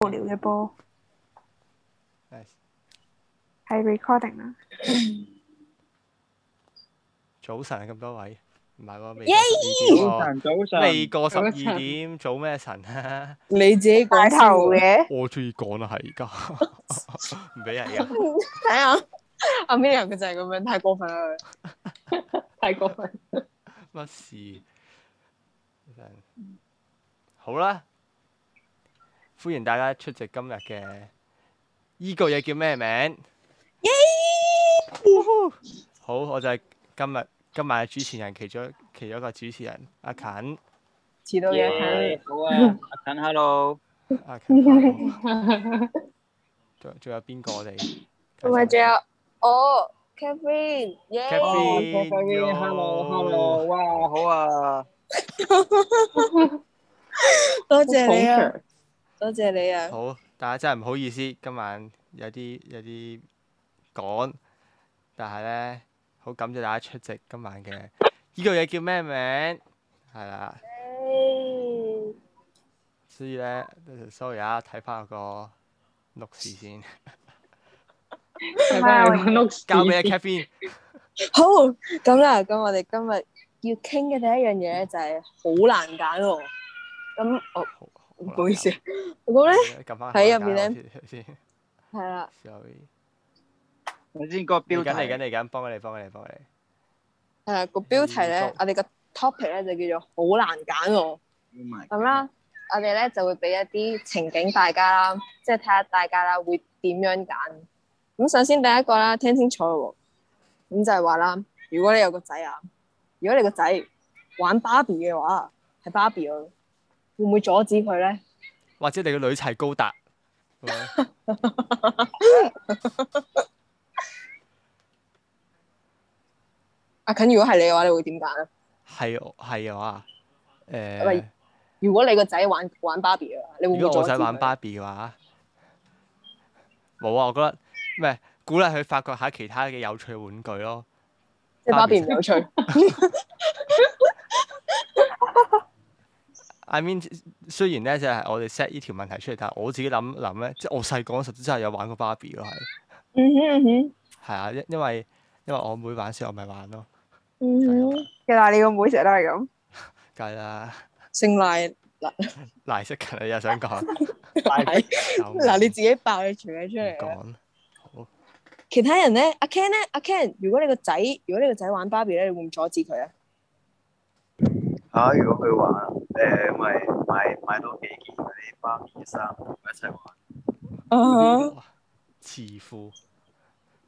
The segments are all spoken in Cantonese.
無聊嘅波，係係 recording 啦。早晨啊，咁多位唔係喎，未未過十二點，早咩晨啊？你自己帶頭嘅，我最講啦，係而家，唔俾人啊！睇下阿 Mila 佢就係咁樣，太過分啦，太過分，乜事？好啦。歡迎大家出席今日嘅依個嘢叫咩名？耶！好，我就係今日今晚嘅主持人其中其中一個主持人呀勤遲到嘅，好啊！呀勤 hello，呀勤，仲仲有邊個嚟？同埋仲有我 Catherine，Catherine，Catherine hello hello，哇，好啊！多謝你啊！多謝你啊！好，大家真係唔好意思，今晚有啲有啲趕，但係咧好感謝大家出席今晚嘅、呢個、Yay. 呢個嘢叫咩名？係啦。所以咧，sorry 啊，睇翻、 個錄視先。交 俾阿 Catherine？好，咁啦，咁我哋今日要傾嘅第一樣嘢就係好難揀喎。咁我。哦唔好意思，我咧喺入面咧，係啦了。sorry，總之以個標題嚟緊嚟緊，幫佢哋幫佢你幫你，你。哋。誒、啊，個標題咧，作我哋個 topic 咧就叫做好難揀喎。咁啦、oh my，我哋咧就會俾一啲情景大家啦，即係睇下大家啦會點樣揀。咁首先第一個啦，聽清楚，咁就係話啦，如果你有個仔啊，如果你個仔玩芭比嘅話，係芭比咯。會唔會阻止佢咧？或者你個女砌高達？阿 Ken 如果係你嘅話，你會點揀啊？係係啊，誒，唔、呃、如果你個仔玩玩芭比嘅話，你會唔會阻止？如果我個仔玩芭比嘅話，冇啊！我覺得咩鼓勵佢發掘下其他嘅有趣玩具咯。即係芭比唔有趣。 I mean，雖然咧就係我哋 set 依條問題出嚟，但係我自己諗諗咧，即係我細個嗰時真係有玩過芭比咯，係。嗯哼嗯哼。係啊，因因為因為我妹玩先，我咪玩咯。嗯哼。嘅，但係你個妹成日都係咁。梗係啦。姓賴嗱賴式嘅，你又想講？賴。嗱，你自己爆你全嘢出嚟。講。好。其他人咧，阿 Ken 咧，阿 Ken，如果你個仔，如果你個仔玩芭比咧，你會唔阻止佢啊？啊，如果佢玩？誒咪、嗯、買買多幾件嗰啲芭比衫同佢一齊玩。嗯哼、uh，襪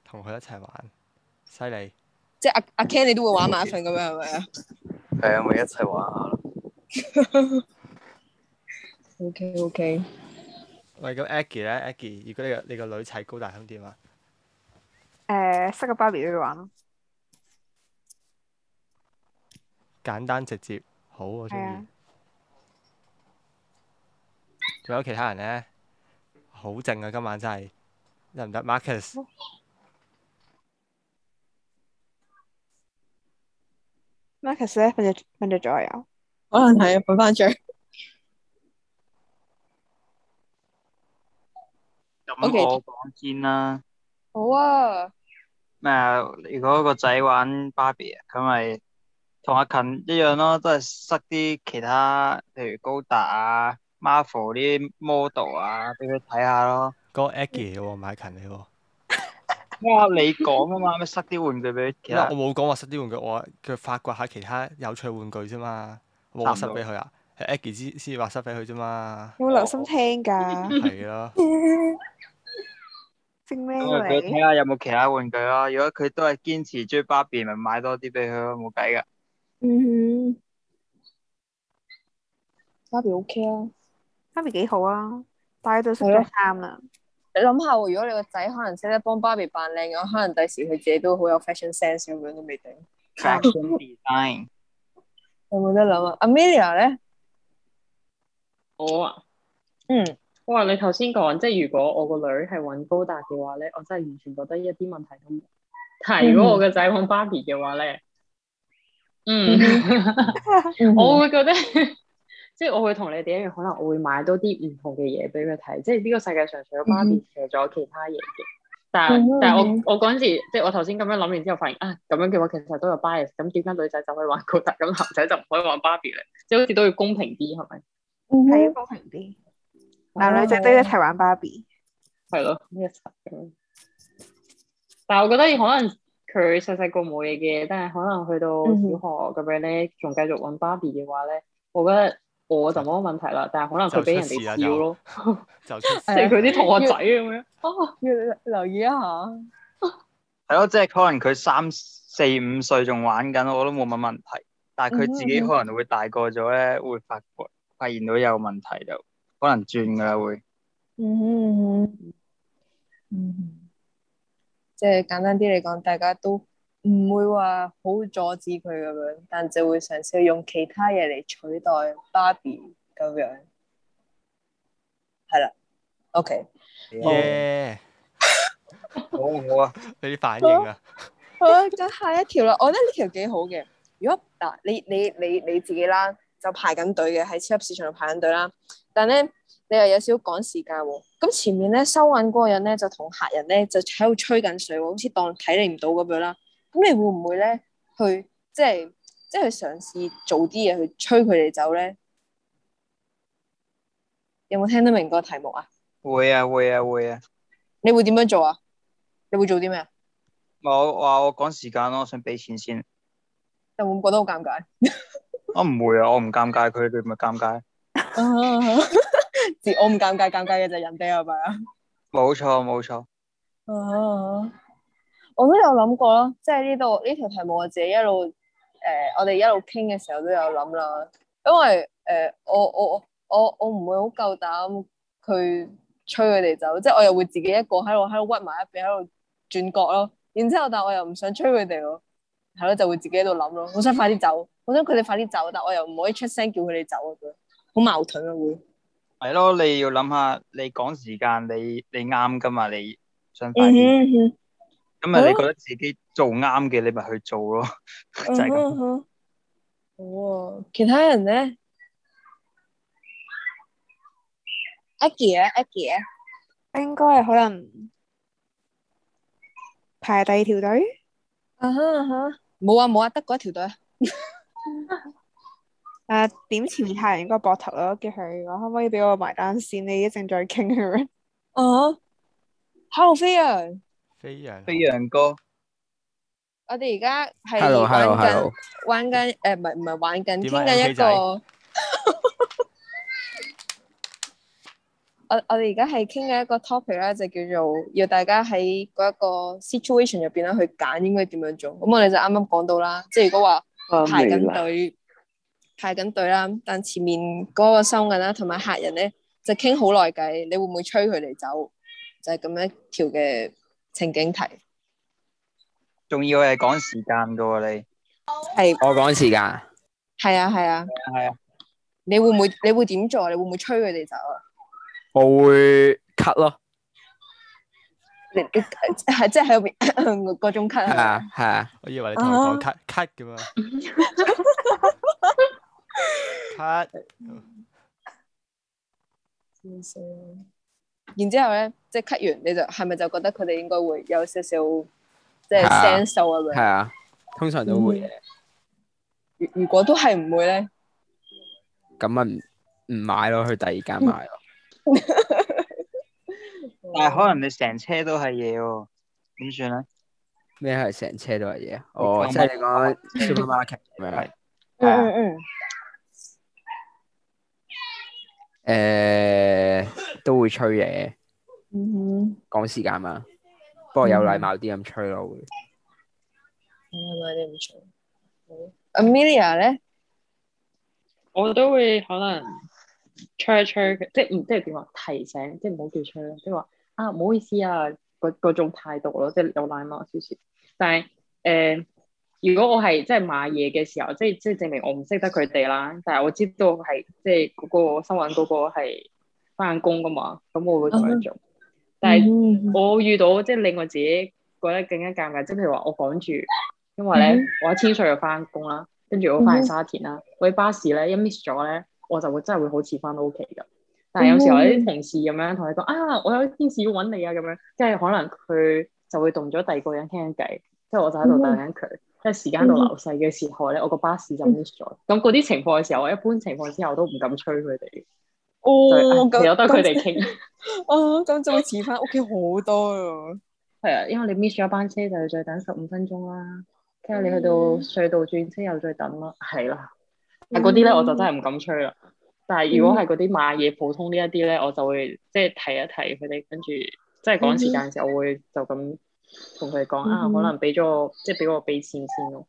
同佢一齊玩，犀利。即係阿阿 Ken，你都會玩埋一份咁樣係咪啊？係啊 Okay.，咪一齊玩下咯。OK OK。喂，咁 Aggie 咧，Aggie，如果你個你個女仔高大兄點啊？誒塞、uh, 個芭比都要玩咯。簡單直接，好，我中意。仲有其他人咧，好靜啊！今晚真係得唔得？啊，Marcus？Marcus 咧，瞓著瞓著咗右，可能係瞓翻著。咁 我講先啦。好啊。咩啊？如果個仔玩芭比啊，咁咪同阿勤一樣咯，都係塞啲其他，例如高達啊。Marvel 啲 model 啊，俾佢睇下咯。嗰個 Aggie 喎，買近你喎。咩啊？你講啊嘛，咩塞啲玩具俾佢？我冇講話塞啲玩具，我佢發掘下其他有趣玩具啫嘛。我塞俾佢啊，係 Aggie 先先話塞俾佢啫嘛。有冇留心聽㗎？係啊、哦。 正咩嚟？睇下有冇其他玩具咯、啊。如果佢都係堅持追芭比，咪買多啲俾佢咯，冇計㗎。嗯哼芭比 OK 啊。芭比幾好啊！但係就着咗衫啦。了你諗下，如果你個仔可能識得幫芭比扮靚嘅話，可能第時佢自己都好有 fashion sense 咁樣都未定。fashion design 有冇得諗啊？Amelia 咧？我啊，嗯，哇！你頭先講，即係如果我個女係搵高達嘅話咧，我真係完全覺得一啲問題都冇。但係、嗯、如果我個仔搵芭比嘅話咧，嗯，我會覺得。 即係我會同你哋一樣，可能我會買多啲唔同嘅嘢俾佢睇。即係呢個世界上除咗芭比，其實仲有其他嘢嘅。但係、嗯嗯、但係我我嗰陣時，即係我頭先咁樣諗完之後，發現啊咁樣嘅話，其實都有 bias。咁點解女仔就可以玩高達，咁男仔就唔可以玩芭比咧？即係好似都要公平啲，係咪、嗯？嗯，要公平啲。男女仔都一齊玩芭比。係咯、啊，一齊嘅。嗯嗯、但係我覺得可能佢細細個冇嘢嘅，但係可能去到小學咁樣咧，仲、嗯、繼續玩芭比嘅話咧，我覺得。我就冇乜問題啦，但係可能佢俾人哋笑咯，即係佢啲同學仔咁樣。哦，要你留意一下。係 咯， 即係可能佢三四五歲仲玩緊，我都冇乜問題。但係佢自己可能會大個咗咧，會發覺發現到有問題就可能轉㗎喇會。嗯嗯嗯嗯。即係簡單啲嚟講，大家都。唔會話好阻止佢咁樣，但就會嘗試用其他嘢嚟取代芭比咁樣係啦。OK 耶，okay. oh. Yeah. 好唔 好啊？你啲反應啊，好咁下一條啦。我覺得呢條幾好嘅。如果嗱，你你你你自己啦，就排緊隊嘅喺超級市場度排緊隊啦。但咧你又有少少趕時間喎。咁前面咧收銀嗰個人咧就同客人咧就喺度吹緊水，好似當睇你唔到咁樣啦。咁你會唔會咧去即係即係去嘗試做啲嘢去催佢哋走咧？有冇聽得明個題目啊？會啊會啊會啊！會啊會啊你會點樣做啊？你會做啲咩啊？我我我趕時間咯，我想俾錢先。你會唔會覺得好尷尬？ 我唔會啊，我唔尷尬、尬，佢哋咪尷尬。我唔尷尬，尷尬嘅就人哋係咪啊？冇錯冇錯。 我都有諗過咯，即係呢度呢條題目，我自己一路誒、呃，我哋一路傾嘅時候都有諗啦。因為誒、呃，我我我我唔會好夠膽去催佢哋走，即係我又會自己一個喺度喺度屈埋一邊喺度轉角咯。然之後，但係我又唔想催佢哋咯，係咯，就會自己喺度諗咯。我想快啲走，我想佢哋快啲走，但我又唔可以出聲叫佢哋走啊，好矛盾啊會。係咯，你要諗下，你趕時間，你你啱㗎嘛？你想快啲。 咁啊！你覺得自己做啱嘅，你咪去做咯，就係咁。好啊，其他人咧？Aggie 啊，Aggie 啊，應該可能排第二條隊。啊哈啊哈！冇啊冇啊，得嗰一條隊。誒點前面客人個膊頭咯，叫佢可唔可以俾我埋單先？你一陣再傾佢。啊，浩飛啊！飛揚，飛揚哥，我哋而家係玩緊，hello, hello, hello. 玩緊誒，唔係唔係玩緊，傾緊一個。 我我哋而家係傾緊一個 topic 啦，就叫做要大家喺嗰一個 situation 入邊啦，去揀應該點樣做。咁我哋就啱啱講到啦，即係如果話排緊隊， 排緊隊啦， 但前面嗰個收銀啦同埋客人咧，就傾好耐偈，你會唔會催佢哋走？就係、是、咁樣一條嘅。情景題，仲要係講時間㗎喎，你係我講時間。係啊係啊係啊，你會唔會你會點做啊？你會唔會催佢哋走啊？我會 cut 咯，你你係即係喺嗰邊個種 cut 啊？係啊，我以為你同我講 cut cut 㗎嘛，cut。然之後咧，即係 cut 完你就係咪就覺得佢哋應該會有少少即係 sensor 啊類型？係啊，通常都會嘅。如、嗯、如果都係唔會咧，咁咪唔買咯，去第二間買咯。但係可能你成車都係嘢喎，點算咧？咩係成車都係嘢？哦、oh，即係你講 supermarket 咩？係啊，嗯嗯。誒，uh, 都會催嘅，講時間嘛，嗯、不過有禮貌啲咁催咯會。Amelia 咧，我都會可能催一催，即係唔即係點講，提醒，即係唔好叫催，啦，即係話啊，唔好意思啊，嗰嗰種態度咯，即係有禮貌少少，但係誒。呃如果我係即係買嘢嘅時候，即係即係證明我唔識得佢哋啦。但係我知道係即係嗰個新聞嗰個係翻工噶嘛，咁我會咁樣做。嗯、但係我遇到即係令我自己覺得更加尷尬，即係譬如話我趕住，因為咧我喺千歲又翻工啦，跟住我翻去沙田啦，嗯、我喺巴士咧一 miss 咗咧，我就真會真係會好似翻到屋企噶。但係有時候啲同事咁樣同你講，嗯、啊，我有啲件事要揾你啊，咁樣，即係可能佢就會動咗第二個人傾緊偈，即係我就喺度等緊佢。即係、嗯、時間到流逝嘅時候咧，我個巴士就 miss 咗。咁嗰啲情況嘅時候，我一般情況之下都唔敢催佢哋。哦，啊、其實由得佢哋傾。哦，咁就會遲翻屋企好多啊！係啊、嗯，因為你 miss 咗一班車，就要再等十五分鐘啦。跟住你去到隧道轉車又再等啦。係啦、嗯，但嗰啲咧我就真係唔敢催啦。但係如果係嗰啲買嘢普通呢一啲咧，我就會即係提一提佢哋，跟住即係趕時間嘅時候，我會就咁。同佢講啊，可能俾咗我，即係俾我俾錢先咯。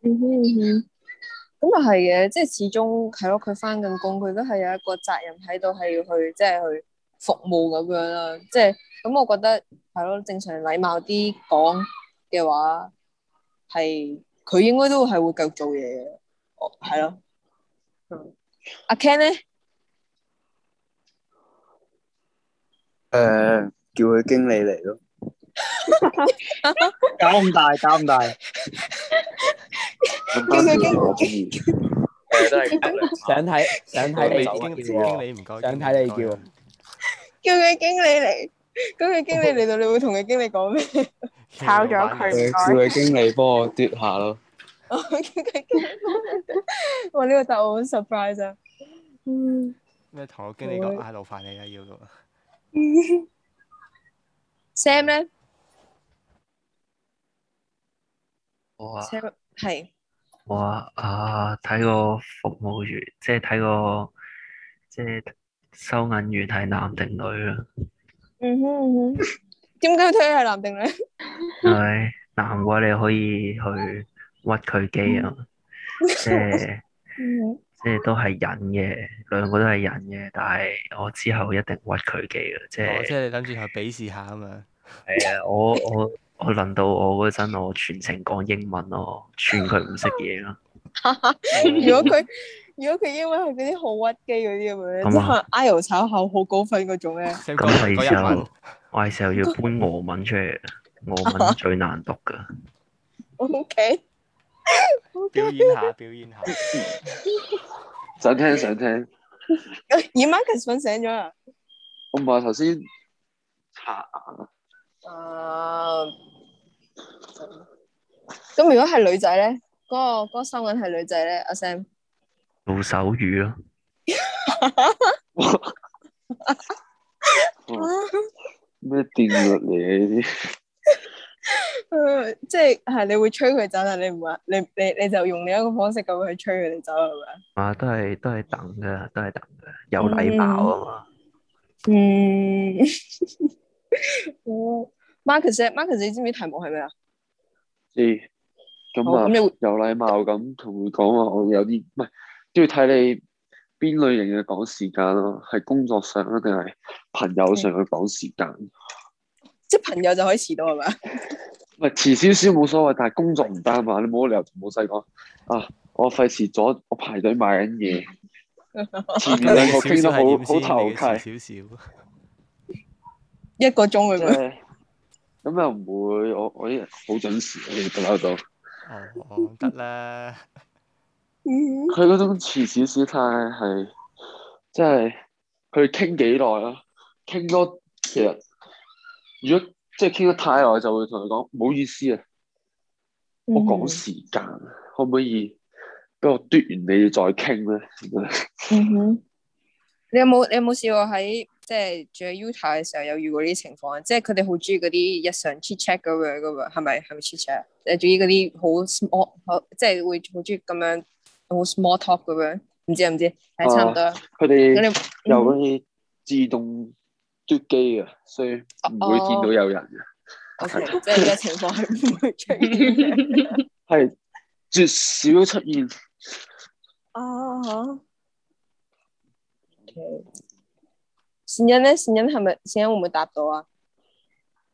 咁又係嘅，即係始終係咯。佢返緊工，佢都係有一個責任喺度，係要去即係去服務咁樣啦。即係咁，我覺得係咯，正常禮貌啲講嘅話，係佢應該都係會夠做嘢嘅。哦，係咯。嗯，阿、啊、Ken 咧，誒，uh，叫佢經理嚟咯。搞咁大，搞咁大。叫佢經理，係都係經理。想睇，想睇你叫經理，唔該。想睇你叫，叫佢經理嚟。咁佢經理嚟到，你會同佢經理講咩？炒咗佢。叫佢經理幫我嘟下咯。我呢個答案好 surprise 啊！咩同我經理講啊，勞煩你啊，要到。Sam 咧？我係我啊睇過服務員，即係睇過即係收銀員係男定女啦、嗯。嗯哼，點解要睇係男定女？係、哎、男嘅話你可以去屈佢機啊，即係即係都係人嘅，兩個都係人嘅，但係我之後一定屈佢機啊，即係、哦、即係你諗住去比試下啊嘛。係啊、哎，我我。我 佢輪到我嗰陣，我全程講英文咯，串佢唔識嘢咯。如果佢如果佢英文係嗰啲好屈機嗰啲咁樣，嗎即係 IELTS 炒口好高分嗰種咧。咁我係時候， 我係時候要搬俄文出嚟， 俄文最難讀噶。O Okay . K， 表演下，表演下。 想聽，想聽。Marcus 其實瞓醒咗啦。我唔係頭先擦眼啊。Uh 咁如果係女仔咧，嗰、那個嗰手印係女仔咧，阿 Sam 做手語咯、啊。咩定律嚟？嗯、 啊，即係係你會催佢走，但你唔會，你你你就用另一個方式咁去催佢哋走係咪？啊，都係都係等噶，都係等噶，有禮貌啊嘛。嗯。哦吧。嗯 我 Marcus，Marcus，你知唔知題目係咩、欸、啊？誒，咁啊，有禮貌咁同佢講話，我有啲唔係都要睇你邊類型嘅講時間咯、啊，係工作上啊定係朋友上去講時間、嗯？即係朋友就可以遲到係咪？唔係遲少少冇所謂，但係工作唔得嘛，你冇理由同老細講啊！我費事阻我排隊買緊嘢， 前面兩個傾得好好投契， 少少一個鐘嘅咩？ 就是咁又唔會，我我一日好準時，你得都扭到。哦， 得啦。佢嗰種遲少少態係，即係佢傾幾耐啦？傾多其實，如果即係傾得太耐，就會同佢講唔好意思啊！我趕時間，嗯嗯，可唔可以俾我嘟完你再傾咧、 嗯嗯嗯？你有冇你有冇試過喺？即係住喺 UTA 嘅時候有遇過呢啲情況，即係佢哋好中意嗰啲日常 chat chat 咁樣噶喎，係咪係咪 chat chat？誒，中意嗰啲好 small，即係 sm 會好中意咁樣好 small talk 咁樣，唔知唔知，係差唔多。佢哋又好似自動斷機、嗯、啊，啊所以唔會見到有人嘅。係嘅 Okay, 情況係唔會出現，係 絕少出現。哦、 okay. 善音咧，善音係咪？善音會唔會答到啊？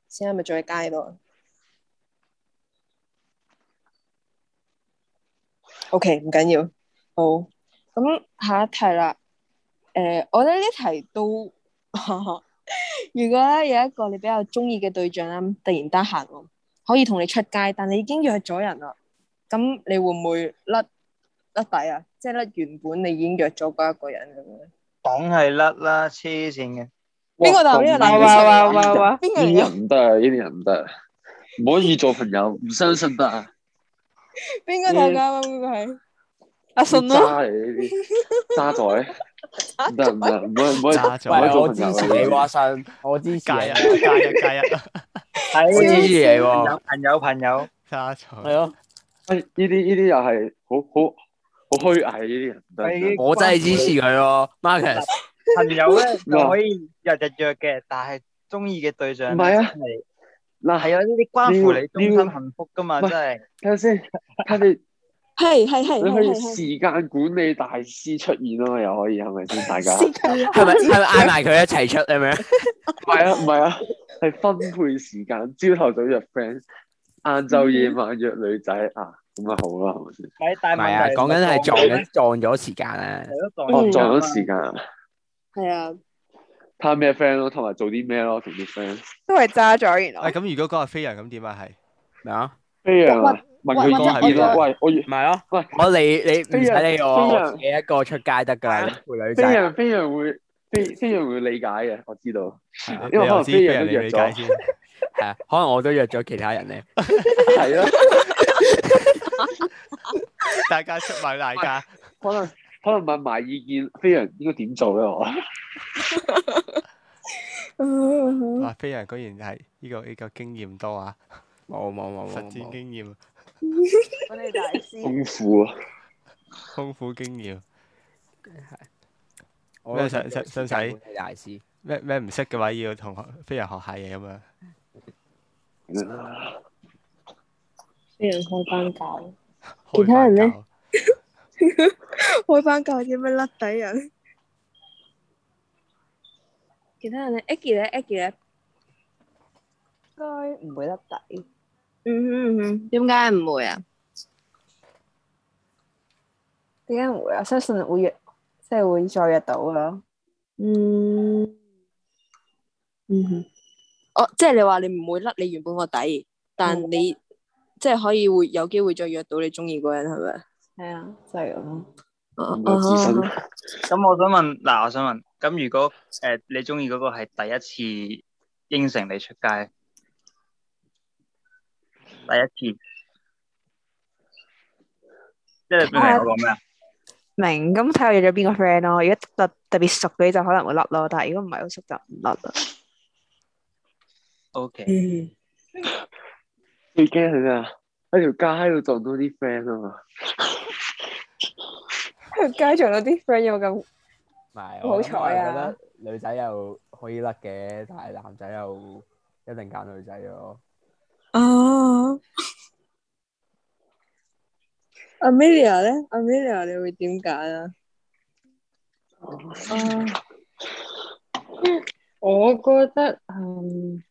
善音咪仲喺街度。啊 O K，唔緊要。好，咁下一題啦。誒、呃，我覺得呢題都，哈哈如果咧有一個你比較中意嘅對象啦，突然得閒，可以同你出街，但你已經約咗人啦，咁你會唔會甩甩底啊？即係甩原本你已經約咗嗰一個人咁樣？梗係甩啦，黐線嘅。邊個就呢啲壞話？邊啲人唔得啊！呢啲人唔得，唔可以做朋友，唔相信得啊！邊個大家？邊個係阿舜？渣嚟，呢啲渣仔，唔得唔得，唔可以渣仔。唔係我支持你，阿舜，我支持。加一加一加一。我支持你喎，有朋友朋友渣仔。係咯，呢啲呢啲又係好好。好虛偽呢啲人，我真係支持佢囉 Marcus 朋友咧，唔可以日日約嘅，但係中意嘅對象唔係啊，嗱係啊，呢啲關乎你終身幸福噶嘛，真係。睇下先，睇下。係係係，你可以時間管理大師出現嘛？又可以係咪先？大家係咪係嗌埋佢一齊出係咪？唔係啊，唔係啊，係分配時間，朝頭早約 friend，晏晝夜晚約女仔啊。咁咪好咯，係咪先？係帶埋，係啊，講緊係撞緊，撞咗時間啊！係撞咗時間。係啊，探咩 friend 咯？同埋做啲咩咯？同啲 friend 都係揸咗，然後。咁如果講係飛揚，咁點啊？係咩啊？飛揚，問佢講係咪喂，我越唔係咯？喂，我理你唔使理我，你一個出街得噶啦，陪女仔。飛揚，飛揚會飛，飛揚會理解嘅，我知道。可能飛揚理解先，係啊？可能我都約咗其他人咧。係咯。大家出埋，大家可能可能問埋意見，飛揚應該點做咧？我啊，飛揚果然係呢個呢個經驗多啊！冇冇冇，實戰經驗。我哋大師，豐富啊，豐富經驗。係，咩想想使大師？咩咩唔識嘅話，要同飛揚學下嘢咁樣。飛揚開班教。其他人咧，開班教啲咩甩底人？其他人咧，Aggie 咧，Aggie 咧，應該唔會甩底。嗯哼，嗯哼，點解唔會啊？點解唔會啊？相信會約，即係會再約到咯。嗯嗯哼，哦，即係你話你唔會甩你原本個底，但你。即係可以會有機會再約到你中意嗰人，係咪？係啊，就係咁。咁我想問嗱，我想問，咁如果誒你中意嗰個係第一次應承你出街，第一次，即係邊個講咩啊？明咁睇下我約咗邊個 friend 咯，如果特特別熟嘅就可能會甩咯，但係如果唔係好熟就唔甩啦。OK。你驚佢啊？喺條街喺度撞到啲 friend 啊嘛，喺條街撞到啲 friend 有咁唔係，好彩啊！女仔又可以甩嘅，但係男仔又一定揀女仔咯。哦，Amelia 咧，Amelia 你會點揀啊？哦，我覺得嗯。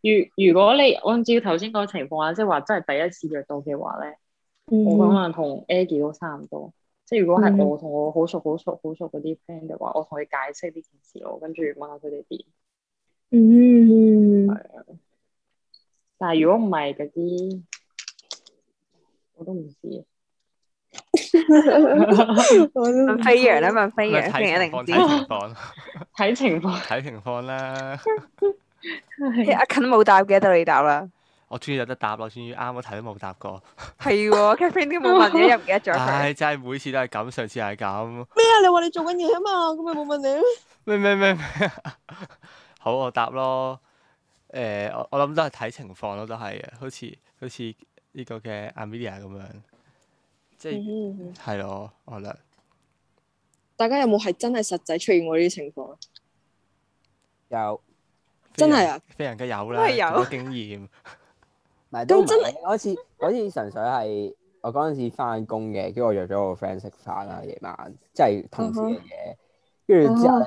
如如果你按照頭先嗰個情況話，即係話真係第一次約到嘅話咧，嗯、我可能同 Aggie 都差唔多。即係如果係我同我好熟、好熟、好熟嗰啲 friend 嘅話，我同佢解釋呢件事咯，我跟住問下佢哋點。嗯，係啊。但係如果唔係嗰啲，我都唔知。飛揚啊嘛，飛揚一定知。睇情況。睇情況啦。欸、呀勤 e 冇答嘅，得你答啦。我終於有得答咯，終於啱我睇都冇答過。係，Catherine 都冇問嘅，又唔記得咗。唉，真係每次都係咁，上次係咁。咩 啊？你話你做緊嘢啊嘛，咁咪冇問你咩咩咩咩？ 好，我答咯。誒、欸，我我諗都係睇情況咯，都係，好似好似呢個嘅 Amelia 咁樣，即係係、嗯嗯、咯，我諗。大家有冇係真係實際出現過呢啲情況？有。真係啊，非常之有啦，有經驗。唔係咁，真係嗰次，嗰次純粹係我嗰陣時返工嘅，跟住我約咗個 friend 食飯啊夜晚，即係同事嘅嘢。跟住之後咧，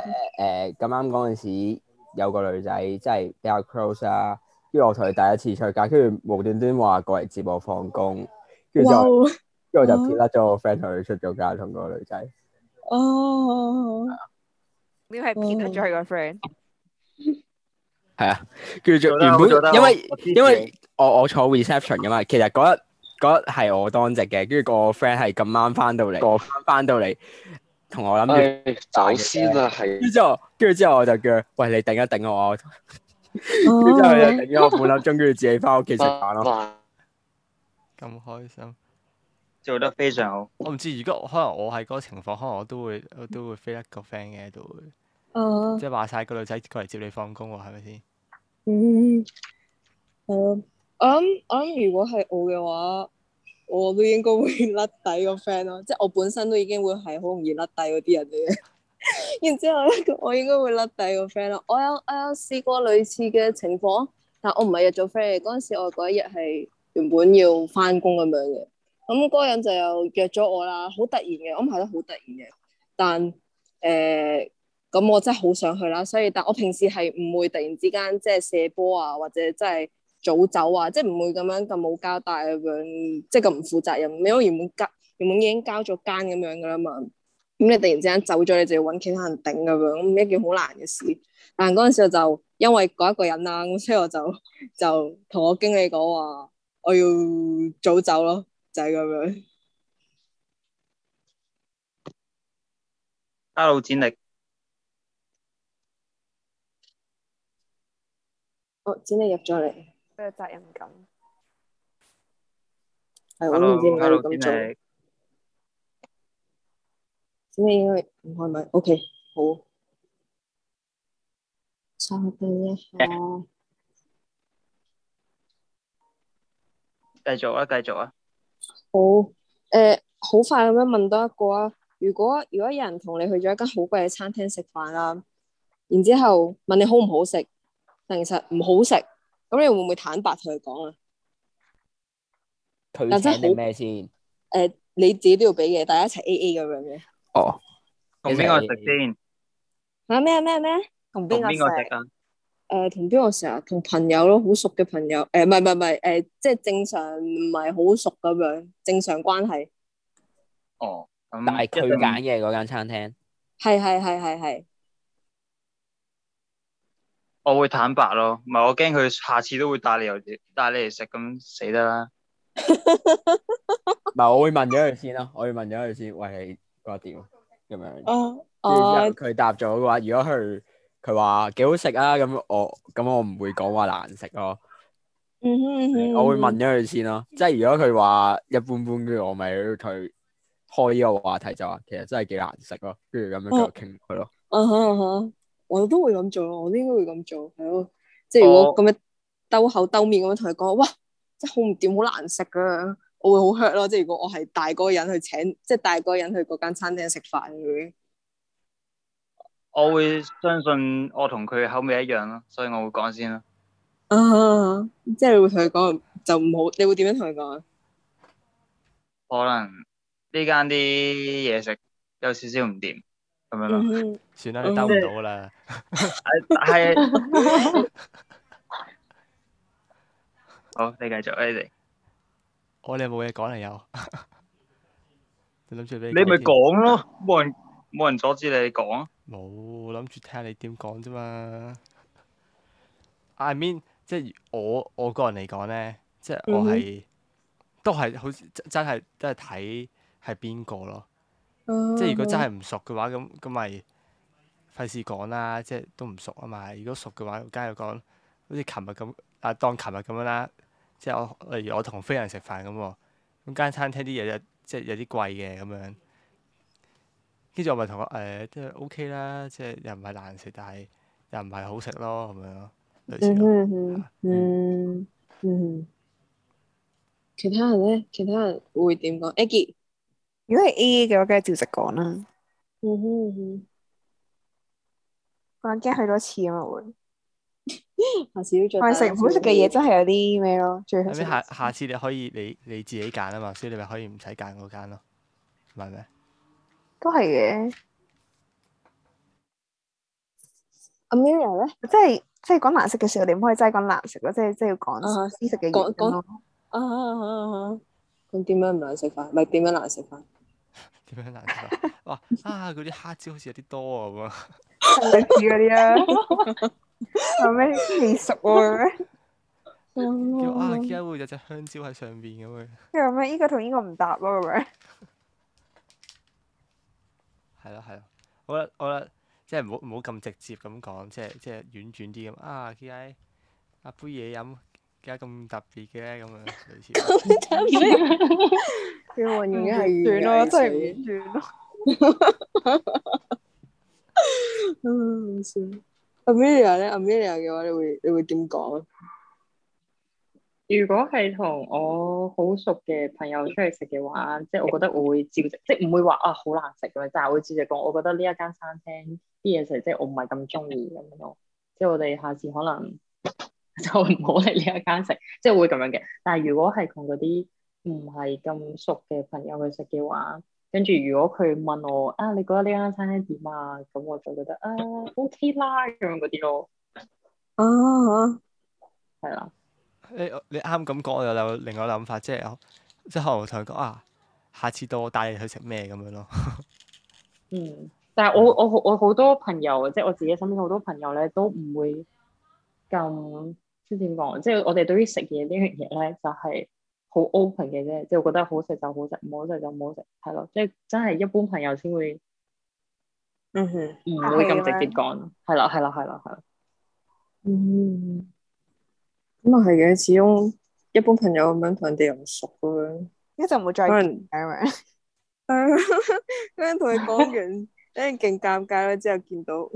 誒咁啱嗰陣時有個女仔，即係比較 close 啊，跟住我同佢第一次出街，跟住無端端話過嚟接我放工，跟住就跟住我就撇甩咗個 friend 同佢出咗街，同個女仔。哦。你又撇甩咗佢個 friend？係啊，跟住做原本，因為因為我我坐 reception 噶嘛，其實嗰日，嗰日係我當值嘅，跟住個 friend 係咁啱翻到嚟，個翻到嚟同我諗住走先啊，係。跟住之後，跟住之後我就叫，喂，你頂一頂我，跟住頂咗我半粒鐘，跟住自己翻屋企食飯咯。咁開心，做得非常好。我唔知如果可能我喺嗰個情況，可能我都會都會飛一個 friend 嘅都會，即係話晒個女仔過嚟接你放工喎，係咪先？嗯，我諗，咁咁如果係我嘅話，我都應該會甩底個 friend 咯，即係我本身都已經會係好容易甩底嗰啲人嘅。 然之後咧，我應該會甩底個 friend 咯。我有我有試過類似嘅情況，但我唔係約咗 friend。嗰陣時我嗰一日係原本要翻工咁樣嘅，咁、那、嗰個人就又約咗我啦，好突然嘅，我諗係得好突然嘅，但誒。呃咁我真係好想去啦，所以但我平時係唔會突然之間即係射波啊，或者即係早走啊，即係唔會咁樣咁冇交代咁樣，即係咁唔負責任。因為原本交原本已經交咗間咁樣噶啦嘛，咁你突然之間走咗，你就要揾其他人頂咁樣，一件好難嘅事。但嗰陣時我就因為嗰一個人啦，咁所以我就就同我經理講話，我要早走咯，就係、是、咁樣。Hello，展歷。只你、哦、入咗嚟，佢有責任感，係我唔知點解你咁做。應該唔開咪，OK，好，稍等一下，繼續啊，繼續啊，好，誒、呃，好快咁樣問多一個啊，如果如果有人同你去咗一間好貴嘅餐廳食飯啊，然之後問你好唔好食？其實唔好食，咁你會唔會坦白同佢講啊？佢請定咩先？誒、呃，你自己都要俾嘅，大家一齊 A A 咁樣嘅。哦。同邊個食先？啊咩咩咩？同邊個食啊？誒，同邊個食啊？同朋友咯，好熟嘅朋友。誒，唔係唔係唔係，誒，即係、呃就是、正常唔係好熟咁樣，正常關係。哦。嗯、但係佢揀嘢嗰間餐廳。係係係係係。我會坦白咯，唔係我驚佢下次都會帶你又帶嚟食咁死得啦。唔係我會問咗佢先咯，我會問咗佢先，喂， 你覺得點？咁 樣。哦哦。佢答咗嘅話，如果佢佢話幾好食啊，咁我咁我唔會講話難食咯。我會問咗佢先咯，即係如果佢話一般般，跟住我咪佢開呢個話題就話其實真係幾難食咯，跟住咁樣繼續傾佢咯。我都會咁做咯，我都應該會咁做，係咯。即係如果咁我樣兜口兜面咁樣同佢講，哇，即係好唔掂，好難食啊！我會好 hurt 咯。即係如果我係大個人去請，即係大個人去嗰間餐廳食飯，我會。我會相信我同佢口味一樣咯，所以我會講先咯。啊，即你會同佢講就唔好，你會點樣同佢講？可能呢間啲嘢食有少少唔掂。咁樣咯，算啦，你兜唔到啦。係，好，你繼續，欸、你哋。我哋冇嘢講啊？有。你諗住俾？你咪講咯，冇人冇人阻止你，你講。冇，我諗住聽下你點講啫嘛。I mean，即係我我個人嚟講咧，即係我係、嗯、都係好似真係真係睇係邊個咯。哦、即係如果真係唔熟嘅話，咁咁咪費事講啦。即係都唔熟啊嘛。如果熟嘅話，梗係要講，好似琴日咁啊，當琴日咁樣啦。即係我例如我同飛人食飯咁喎，咁間餐廳啲嘢又即係有啲貴嘅咁樣。跟住我咪同佢誒，即係、呃、OK 啦。即係又唔係難食，但係又唔係好食咯，咁樣類似咯、嗯。嗯嗯，嗯其他人咧，其他人會點講？Aggie。如果係 A A 嘅話，梗係照直講啦。嗯哼嗯哼，我驚去多次啊嘛會，我少做。但係食唔好食嘅嘢真係有啲咩咯？最下下次你可以你你自己揀啊嘛，所以你咪可以唔使揀嗰間咯，係咪？都係嘅。Amelia 咧，即係即係講難食嘅時候，你唔可以真係講難食咯，即係即係要講食唔好食嘅嘢咯。啊啊啊啊！咁點樣唔難食飯？咪點樣難食飯？點樣難食、啊？哇啊！嗰啲黑椒好似有啲多啊咁啊！栗子嗰啲啊！有咩未熟啊？叫啊！點解會有隻香蕉喺上邊咁嘅？即係咩？依個同依個唔搭咯咁樣。係咯係咯，我我即係唔好唔好咁直接咁講，即係即係婉轉啲咁啊！點解啊，杯嘢飲？點解咁特別嘅咁樣類似，咁 特 已嘅運算咯，啊、真係唔算咯。 嗯，好笑。 Amelia 咧，Amelia 嘅話，你會你會點講？如果係同我好熟嘅朋友出去食嘅話，即、就、係、是、我覺得我會照食，即、就、唔、是、會話啊好難食咁，但係我會照食講。我覺得呢一間餐廳啲嘢食即係我唔係咁中意咁樣咯。即係我哋下次可能。 就唔好嚟呢一間食，即係會咁樣嘅。但係如果係同嗰啲唔係咁熟嘅朋友去食嘅話，跟住如果佢問我啊，你覺得呢間餐廳點啊？咁我就覺得啊，OK 啦，咁嗰啲咯。啊，係啦。你你啱咁講，我又有另外諗法，即係我即係同佢講啊，下次到我帶你去食咩咁樣咯。啊啊啊啊、 嗯，但係我我我好多朋友，即係我自己身邊好多朋友咧，都唔會咁。即點講？即我哋對於食嘢呢樣嘢咧，就係好 open 嘅啫。即我覺得好食就好食，唔好食就唔好食，係咯。即真係一般朋友先會，嗯哼，唔會咁直接講。係啦，係啦，係啦，係啦。嗯，咁又係嘅。始終一般朋友咁樣同人哋又唔熟嘅。依家就冇再講係咪？誒，啊，咁樣同你講完，誒勁尷尬啦！之後見到。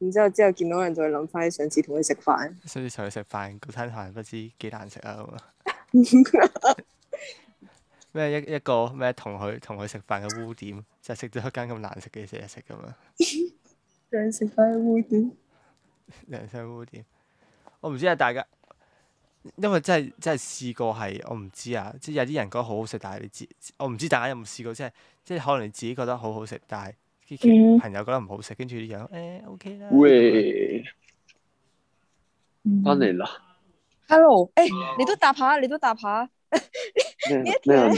然之後之後見到人就會諗翻起上次同佢食飯，上次同佢食飯嗰餐飯不知幾難食啊！咁樣，咩一一個咩同佢同佢食飯嘅污點，就食，是，咗一間咁難食嘅嘢，食咁上次食飯嘅污點，梁食污點， 點 點 我唔知啊！大家因為真係真係試過係我唔知啊！即係有啲人覺得好好食，但係你自，我唔知，知大家有冇試過？即係即係可能你自己覺得好好食，但係。朋友覺得唔好食，跟住有誒 OK 啦。喂、嗯，翻嚟啦。Hello，誒、欸，你都答下，你都答下。呢 一條咧呢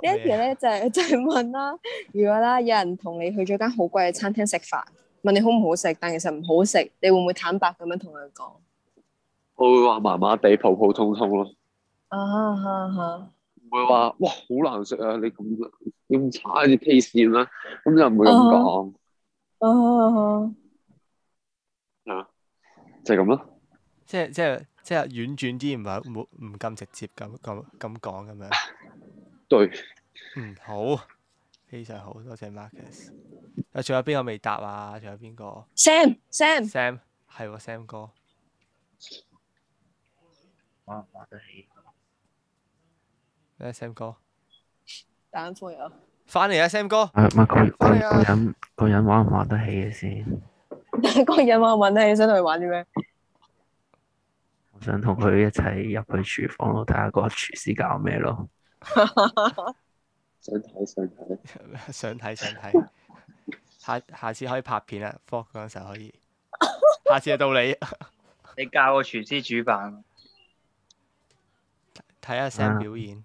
一條咧就係、是、就係問啦、啊。如果啦有人同你去咗間好貴嘅餐廳食飯，問你好唔好食，但其實唔好食，你會唔會坦白咁樣同佢講？我會話麻麻地，普普通通咯、啊。啊哈哈。啊唔會話哇，好難食啊！你咁點差啲 taste 啦，咁就唔會咁講。啊，oh. oh. 啊，就係咁咯、即係即係即係婉轉啲，唔係冇唔咁直接咁咁咁講咁樣。 對，嗯好，非常好多謝 Marcus。啊，仲有邊個未答啊？仲有邊個？Sam，Sam，Sam，係喎 Sam 哥，阿 Sam 哥，打貨又翻嚟啊！Sam 哥，唔係佢個人，個人玩唔玩得起嘅先？ 個人玩唔玩得起，想同佢玩啲咩？我想同佢一齊入去廚房咯，睇下個廚師搞咩咯 想睇想睇，想睇想睇，下下次可以拍片啦。fork 可以，下次就到你。 你教個廚師煮飯，睇下 Sam 表演。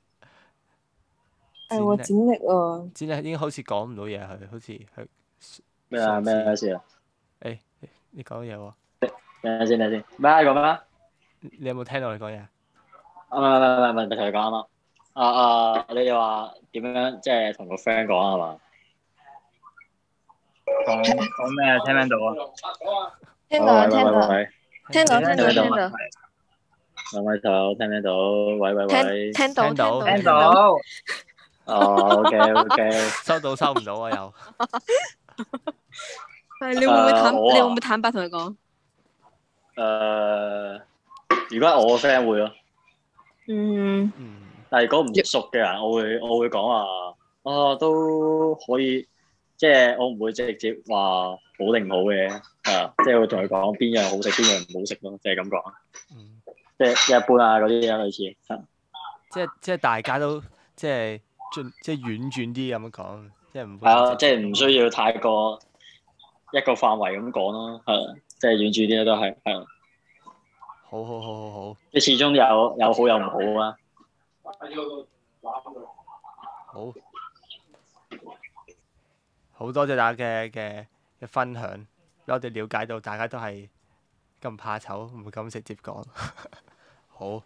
係我剪力喎，剪力已經好似講唔到嘢，係好似係咩啊？咩事啊？誒，你講嘢喎，等下先，等下先，咩講咩？你有冇聽到你講嘢？喂喂喂喂，你同佢講咯。啊啊！你哋話點樣即係同個 friend 講係嘛？講講咩？聽唔聽到啊？聽到聽到聽到聽到，喂喂喂，聽唔聽到？喂喂喂，聽到聽到聽到。哦，OK OK，收到收唔到啊？又，係 你會唔會坦？Uh, 你會唔會坦白同佢講？誒，uh, 如果係我 friend 會咯，啊。嗯。嗯，但係如果唔熟嘅人，我會我會講話，啊，啊都可以，即係我唔會直接話好定唔好嘅。啊，即係會同佢講邊樣好食，邊樣唔好食咯，啊，即係咁講。嗯。即係一般啊，嗰啲啊，類似 即。即係即係大家都即係。即係婉轉啲咁講，即係唔係啊？即係唔需要太過一個範圍咁講咯，係。即係婉轉啲都係，係。好好好好好，你始終有有好有唔好啊。好，好多謝大家嘅嘅嘅分享，俾我哋了解到大家都係咁怕醜，唔敢直接講。 好，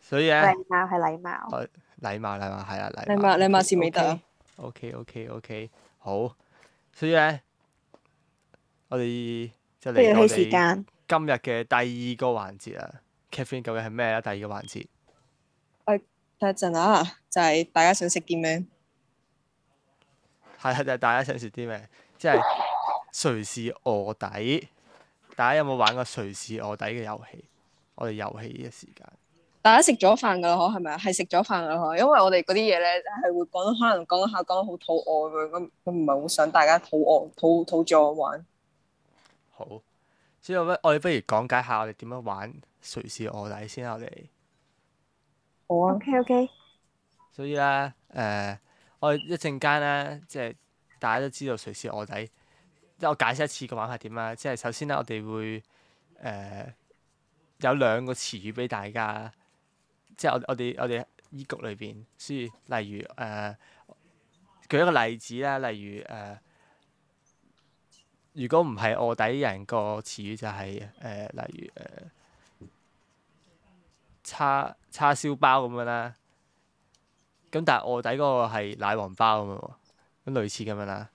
所以咧、啊。禮貌係禮貌。禮貌，禮貌，係啦、啊，禮貌，禮貌馬 Okay, 是美德。O K，O K，O K，好。所以咧，我哋就嚟到我哋今日嘅第二個環節啊。Captain 究竟係咩啊？第二個環節，我等一陣啊，就係、是、大家想食啲咩？係係、哎、就係、是、大家想食啲咩？即係誰是卧底？大家有冇玩過誰是卧底嘅遊戲？我哋遊戲呢個時間。大家食咗飯噶啦，嗬，係咪啊？係食咗飯噶啦，嗬。因為我哋嗰啲嘢咧，係會講到可能講到下講到好肚餓咁，咁唔係好想大家肚餓，肚肚住我玩。好，所以咧，我哋不如講解下我哋點樣玩誰是卧底先啊？我哋，好啊，O K O K。所以咧，誒，我哋，啊呃，一陣間咧，即係大家都知道誰是卧底，即係我解釋一次個玩法點啦。即係首先咧，我哋會誒、呃、有兩個詞語俾大家。即係我我哋我哋醫局裏邊，所以例如誒、呃，舉一個例子啦，例如誒、呃，如果唔係臥底人個詞語就係、是、誒、呃，例如誒、呃，叉叉燒包咁樣啦。咁但係臥底嗰個係奶黃包咁樣喎，咁類似咁樣啦。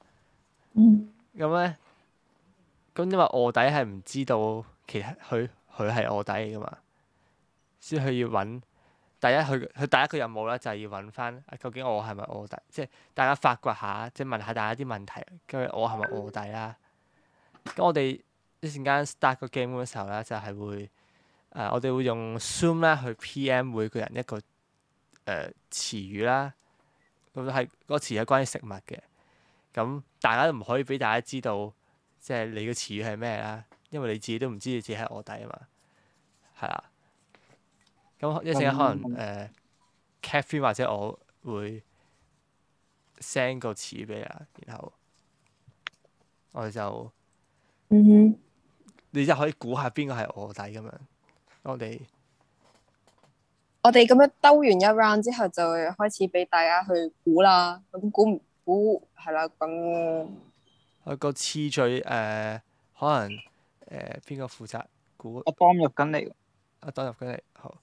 嗯。咁咧，咁因為臥底係唔知道其實佢佢係臥底嘅嘛，所以佢要揾。第一，佢佢第一個任務咧就係、是、要揾翻究竟我係咪臥底，即係大家發掘下，即係問下大家啲問題，跟住我係咪臥底啦？咁我哋一陣間 start 個 game 嘅時候咧，就係、是、會誒、呃，我哋會用 zoom 咧去 PM 每個人一個誒、呃、詞語啦。咁係嗰個詞語係關於食物嘅。咁大家都唔可以俾大家知道，即、就、係、是、你嘅詞語係咩啦？因為你自己都唔知你自己係臥底啊嘛，係啦。咁一陣間可能誒、嗯呃、c a p t 或者我會 send 個詞俾啊，然後我哋就嗯，哼，你就可以估下邊個係卧底咁樣。我哋我哋咁樣兜完一 round 之後，就開始俾大家去估啦。咁估唔估係啦？咁個次序，誒、呃，可能誒邊個負責估？我當入緊你。我當入緊你，好。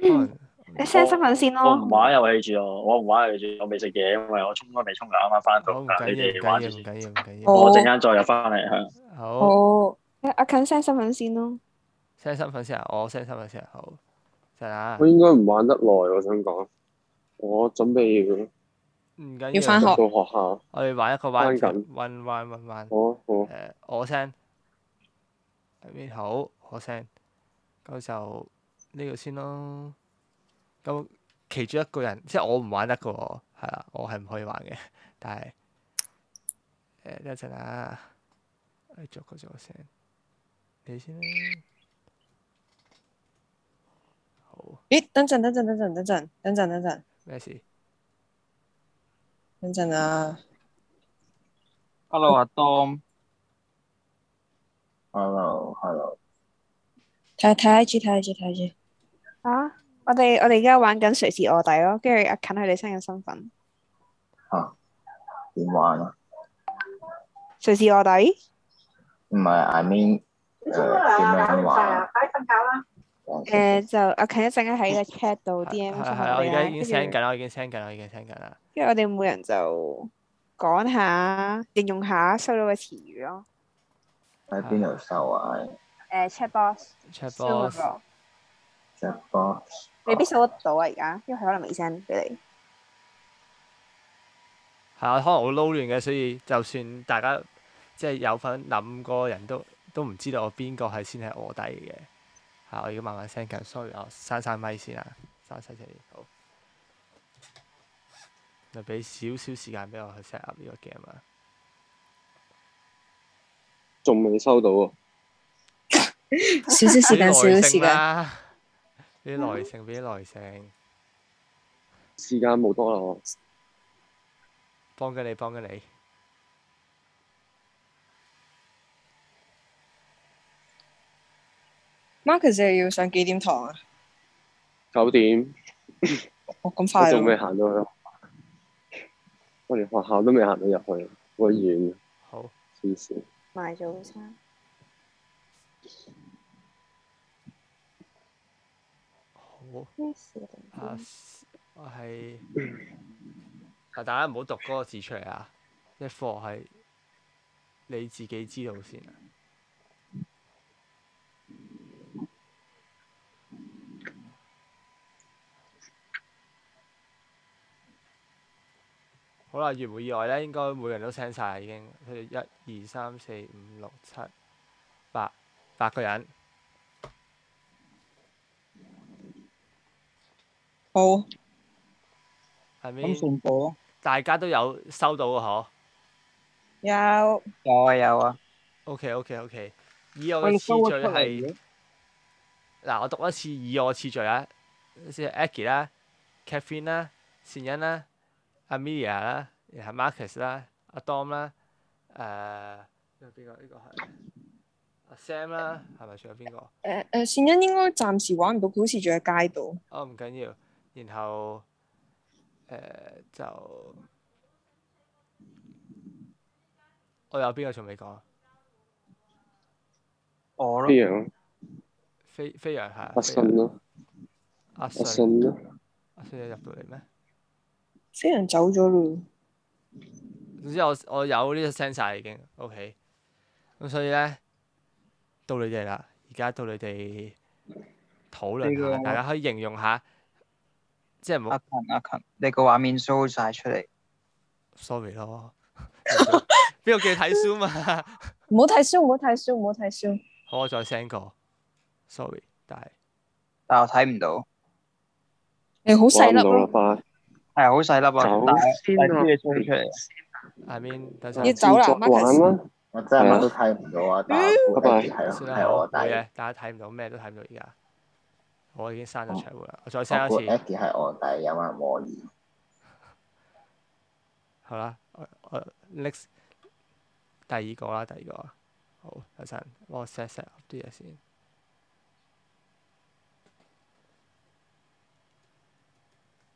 你 send 新聞先咯。我唔玩遊戲住我，我唔玩遊戲住，我未食嘢，因為我沖都未沖涼，啱啱翻到噶。你哋玩住先，我陣間再入翻嚟。係。好。哦，我阿 Kensend 新聞先咯。send 新聞先啊，我 send 新聞先啊，好。就。佢應該唔玩得耐，我想講。我準備。唔緊要，要翻學到學校。我哋玩一個 round。round round round round。好，好。誒，我 send。好，我 send。咁就。呢個先咯，咁其中一個人即係我唔玩得嘅喎，係啦，我係唔可以玩嘅。但係誒等陣啊，做個做個先，你先啦。等誒等陣等陣等陣等陣等陣，咩事？等陣啊 Hello 阿 Dom Hello，Hello。睇睇太級，睇太級，睇太級。啊！我哋我哋而家玩緊誰是臥底咯，跟住阿勤佢哋 send 緊身份。啊，點玩啊？誰是臥底？唔係，I mean 就點樣玩？誒，就阿勤一陣間喺個 chat 度 DM。係我而家已經 send 緊啦，已經 send 緊啦，已經 send 緊啦。跟住我哋每人就講下，應用下收到嘅詞語咯。喺邊度收啊？誒，chat box？chat box？未必收得到啊！而家因為佢可能未 send 俾你，係啊，可能好撈亂嘅，所以就算大家即係有份諗嗰人都都唔知道我邊個係先係臥底嘅。係、啊、我而家慢慢 send 緊，sorry 我閂閂咪先啊，閂晒聲好。就俾少少時間俾我去 set up 呢個 game 啊。仲未收到啊！ 少少時間，少時間，少時間。啲耐，耐性，啲耐性。時間冇多啦，幫緊你，幫緊你。Marcus，你要上幾點堂啊？九點。 哦、我咁快。我仲未行到去。我連學校都未行到入去，好遠。好。黐線。買早餐。好、哦。啊，我係啊，大家唔好讀嗰個字出嚟啊！一課係你自己知道先啊。好啦，如無意外咧？應該每人都 send 晒啦，已經。佢一二三四五六七八八個人。報，係咪咁全部？大家都有收到嘅嗬。有。有啊有啊。O K O K O K。以我嘅次序係，嗱、oh, 我讀一次以我次序啊。先係 Aggie 啦、啊、，Catherine 啦、啊，善欣啦、啊，Amelia 啦、啊，然後 Marcus 啦、啊，阿 Dom 啦、啊，誒、呃。又邊個？呢、這個係。阿 Sam 啦、啊，係咪、呃？仲有邊個？誒誒、呃，善欣應該暫時玩唔到次序，佢好似仲喺街度。哦，唔緊要。然後，誒就我有邊個仲未講啊？我咯，飛揚，飛飛揚係阿信咯。阿信咯。阿信入到嚟咩？飛揚走咗咯。總之我我有呢個聲曬已經，OK。咁所以咧，到你哋啦，而家到你哋討論下，大家可以形容下。即係唔好呀勤呀勤，你個畫面 show 晒出嚟，sorry 咯，邊個叫你睇 show 嘛？唔好睇 show，唔好睇 show，唔好睇 show。好，我再 send 個，sorry，但係，但係我睇唔到，你好細粒啊，係好細粒啊，但係但係啲嘢 show 出嚟，係咪？你走啦，我真係乜都睇唔到啊，拜拜，係咯，冇嘢，大家睇唔到咩都睇唔到而家。我已經刪咗財務啦，好我再刪一次。包括 Eddie 有冇人摸好啦，我我 next 第二個啦，第二個。好，一陣我 set set up 啲嘢先。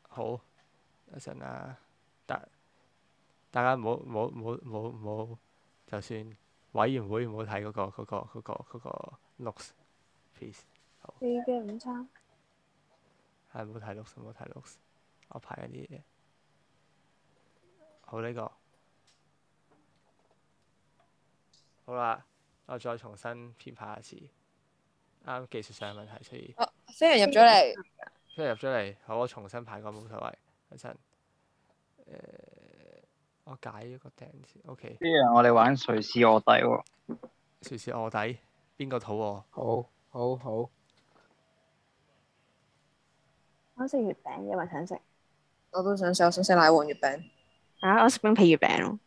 好，一陣啊，但大家唔好唔好唔好唔好唔好，就算委員會唔好睇嗰個嗰個嗰個嗰個 looks piece。你嘅午餐係冇睇錄，冇睇錄。我排緊啲嘢。好呢、這個好啦，我再重新編排一次。啱技術上嘅問題，所以。哦、啊，新人入咗嚟。新人入咗嚟，好，我重新排過，冇所謂。一陣、呃，我解咗個釘先。OK。新人，我哋玩誰是臥底喎、哦。誰是臥底，邊個肚餓？好，好，好。我餅想食月餅，有冇人想食？我都想食，我想食奶黃月餅。啊！我食冰皮月餅咯。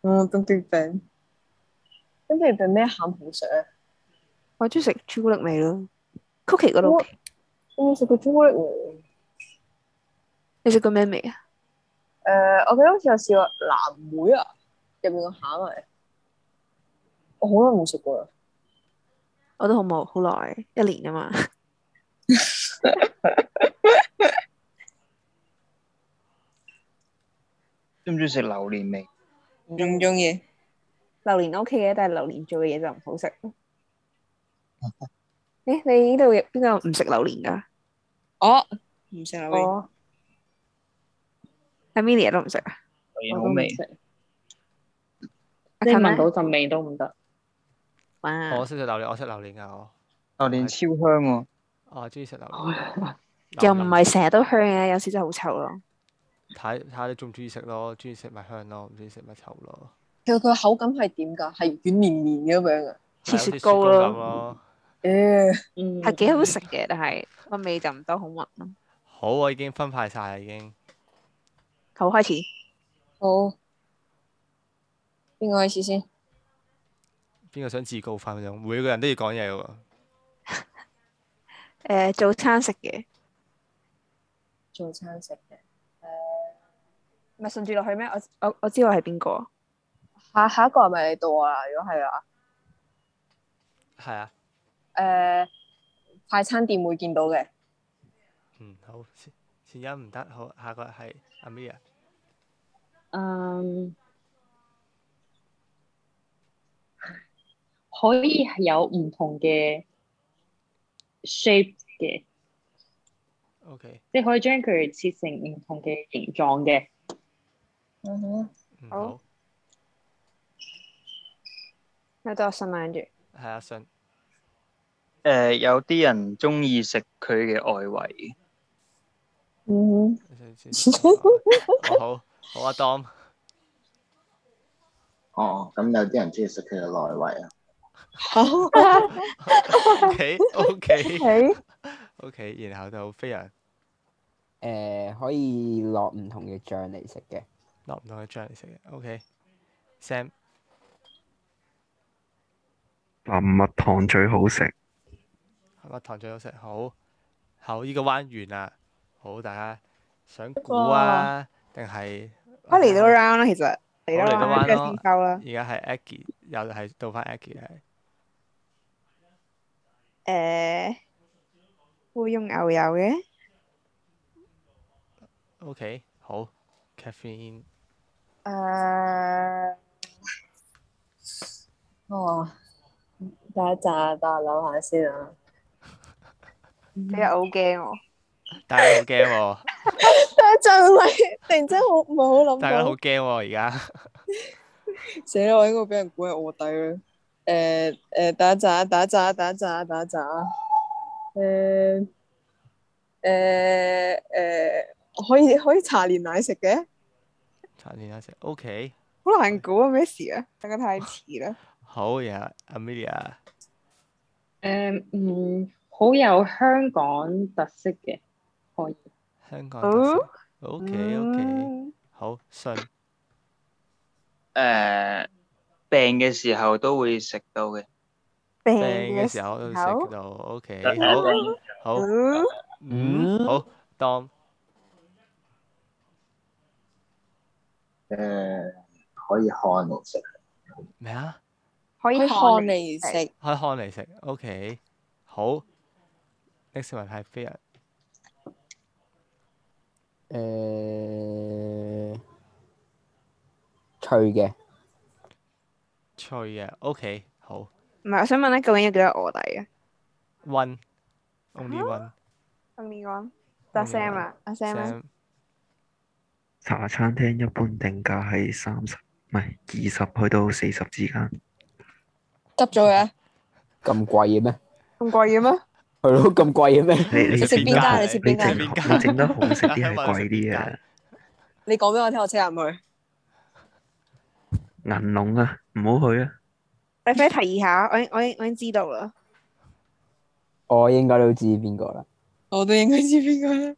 嗯，冰皮月餅。冰皮月餅咩餡好食啊？我中意食巧克力味咯，cookie 嗰度。我冇食過巧克力喎。你食過咩味啊？誒、呃，我記得好似有試過藍莓啊，入面個餡啊。我好耐冇食過啦。我都好冇，好耐，一年啊嘛。喜喜中唔中意食榴蓮味？中唔中意？榴蓮 OK 嘅，但係榴蓮做嘅嘢就唔好食。誒， 你呢度邊個唔食榴蓮噶？我唔食榴蓮。阿 Mill 都唔食啊。榴蓮好味。一聞到陣味都唔得。我識食榴蓮，我食榴蓮噶，我榴蓮超香喎。我中意食榴蓮。又唔係成日都香嘅，啊，有時真係好臭咯。睇睇下你中唔中意食咯，中意食咪香咯，唔中意食咪臭咯。其實佢口感係點噶？係軟綿綿咁樣啊，似雪糕咯。誒、嗯、係、嗯、幾、嗯、好食嘅，但係個味就唔多好聞咯。 好，已經分派晒啦，已經。好，開始，好，邊個開始先？邊個想自告奮勇？每個人都要講嘢喎。誒、 呃，早餐食嘅，早餐食嘅。咪順住落去咩？我我我知道係邊個？下下一個係咪你度啊？如果係啊，係啊，誒快餐店會見到嘅。嗯，好前前音唔得好，下個係 Amelia 嗯，um, 可以有唔同嘅 shape 嘅。OK，你可以將佢切成唔同嘅形狀嘅。嗯哼，好。阿當阿信問住，係阿信。誒，有啲人中意食佢嘅外圍。嗯哼。好，好阿當。哦，咁有啲人中意食佢嘅內圍啊。好。O K，O K，O K，然後就非常誒，可以落唔同嘅醬嚟食嘅。落唔到嘅醬嚟食嘅，OK，Sam，淋蜜糖最好食，淋蜜糖最好食，好，好依個彎完啦，好大家想估啊，定係，我嚟到 round 啦，其實嚟咯，依家先夠啦，而家係 Aggie 又係到翻 Aggie 係，誒，會用牛油嘅，OK，好，Catherine 誒，哦、uh,，等一陣，我諗下先啊。你又好驚喎，大家好驚喎。大家盡力，突然間好唔好諗。大家好驚喎而家。死啦！ 我應該俾人估係臥底誒誒、uh, uh,，等一陣，等一陣，等一陣，等一陣。誒誒誒，可以可以茶連奶食嘅。下邊嗰隻，OK。好難估啊，咩事啊？大家太遲啦。好，呀 Amelia。誒，嗯，好有香港特色嘅，可以。香港特色。O K，O K，好信。誒，病嘅時候都會食到嘅。病嘅時候都會食到，O K，好，好，嗯，好當。誒，可以看嚟食咩啊？可以看嚟食，可以看嚟食。OK，好。X，Y，Z，飛啊！誒，脆嘅，脆嘅。OK，好。唔係，我想問咧，究竟有幾多臥底啊？One，only one，only one。阿 Sam 啊，阿 Sam。茶餐廳一般定價喺三十，唔係二十去到四十之間。執咗嘅，咁貴嘅咩？咁貴嘅咩？係咯，咁貴嘅咩？你你食邊間？你食邊間？你整得好食啲，係貴啲嘅！你講俾我聽，我車入去。銀龍啊，唔好去啊！你快提議下，我已我已我已經知道啦。我應該都知邊個啦。我都應該知邊個啦。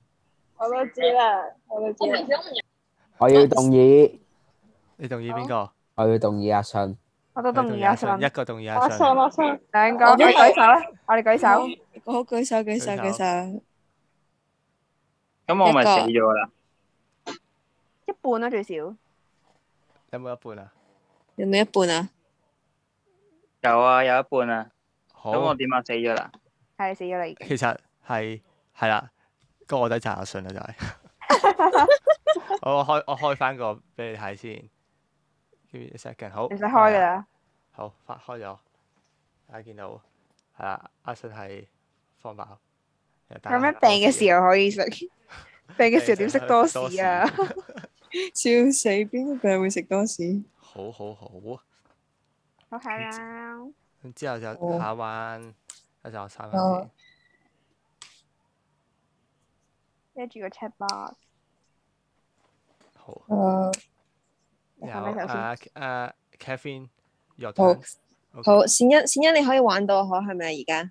我都知啦，我都知啦。我要同意，你同意邊個？我要同意阿信，我都同意阿信。一個同意阿信，我信我信。兩個，我舉手咧，我哋舉手，好舉手舉手舉手。咁我咪死咗啦，一半啦最少，有冇一半啊？有冇一半啊？有啊，有一半啊。咁我點啊死咗啦？係死咗啦，已經。其實係係啦，個都係陳阿信啦，就係。 好我開我開翻個俾你睇先 second, 好，你使開嘅啦、啊，好，發開咗，啊大家見到，係啦，阿信係方包，咁樣病嘅時候可以食？病嘅時候點食多士啊,？ 笑死，邊個病會食多士？好好好，好睇啦，之後就下彎，一陣我踩翻你，跟住個 check box。啊好。有啊啊 caffeine 好。好。善欣，善欣，你可以玩到可係咪啊？而家。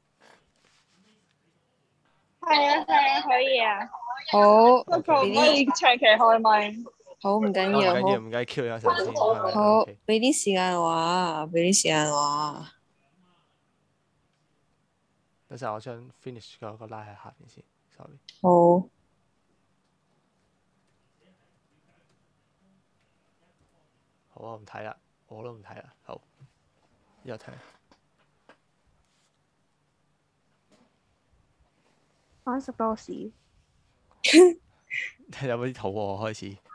係啊係啊，可以啊。好。不過可以長期開咪？好，唔緊要，好唔緊要。唔緊要。好，俾啲時間我俾啲時間話。等陣，我想 finish 嗰個 line 喺下邊先，sorry。好。好啊，唔睇啦，我都唔睇啦。好，依個聽。我食多士。 你有冇啲肚餓開始？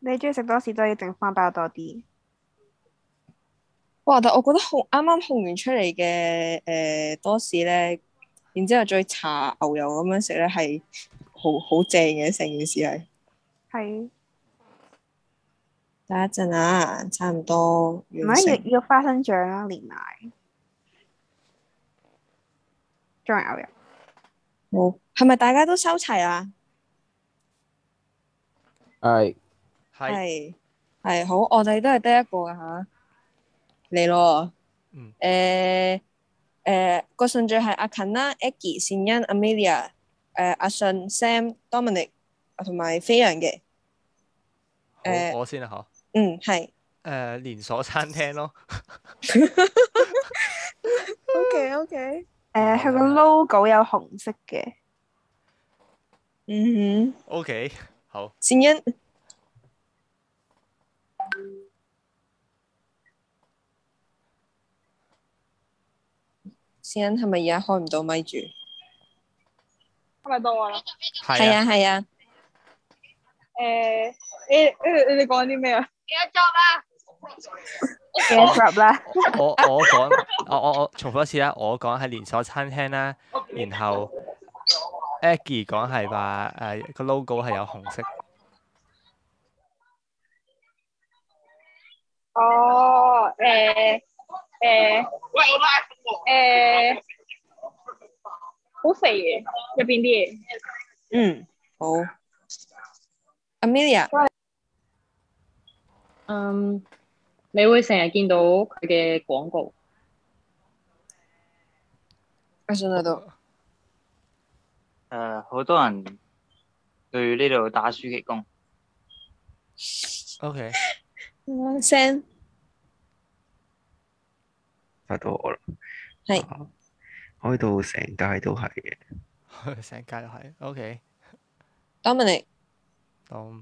你中意食多士都係整翻包多啲。哇！但我覺得烘啱啱烘完出嚟嘅誒多士咧，然之後再搽牛油咁樣食咧，係好好正嘅，成件事係。係，等一陣啊，差唔多完成。唔係要，要花生醬啊，連埋，仲有牛肉。好，係咪大家都收齊啊？係，係，係好，我哋都係得一個啊吓，嚟咯。嗯。誒誒、欸呃，個順序係、呃、阿勤啦 Eggie 善恩、Amelia，誒阿舜、Sam、Dominic。同埋飛揚嘅，誒好、呃、我先啊嚇，好，嗯，係，誒、呃、連鎖餐廳咯 ，OK OK，誒佢個 logo 有紅色嘅，嗯哼，OK 好，善恩欣，善恩係咪而家開唔到咪住？開咪到啊，係啊係啊。誒、欸，你你你講啲咩啊？gas job 啦 g 我我講，我我我重複一次啦。我講係連鎖餐廳啦，然後 Aggie 講係話誒個 logo 係有紅色。哦，誒、欸、誒，喂、欸，誒、欸，好肥嘅入邊啲嘢，嗯好。Amelia，嗯，你會成日見到佢嘅廣告。我想喺度。誒，好多人對呢度打暑期工。Okay。阿先，喺度，係，我喺度成街都係嘅。成街都係。Okay。Dominic。都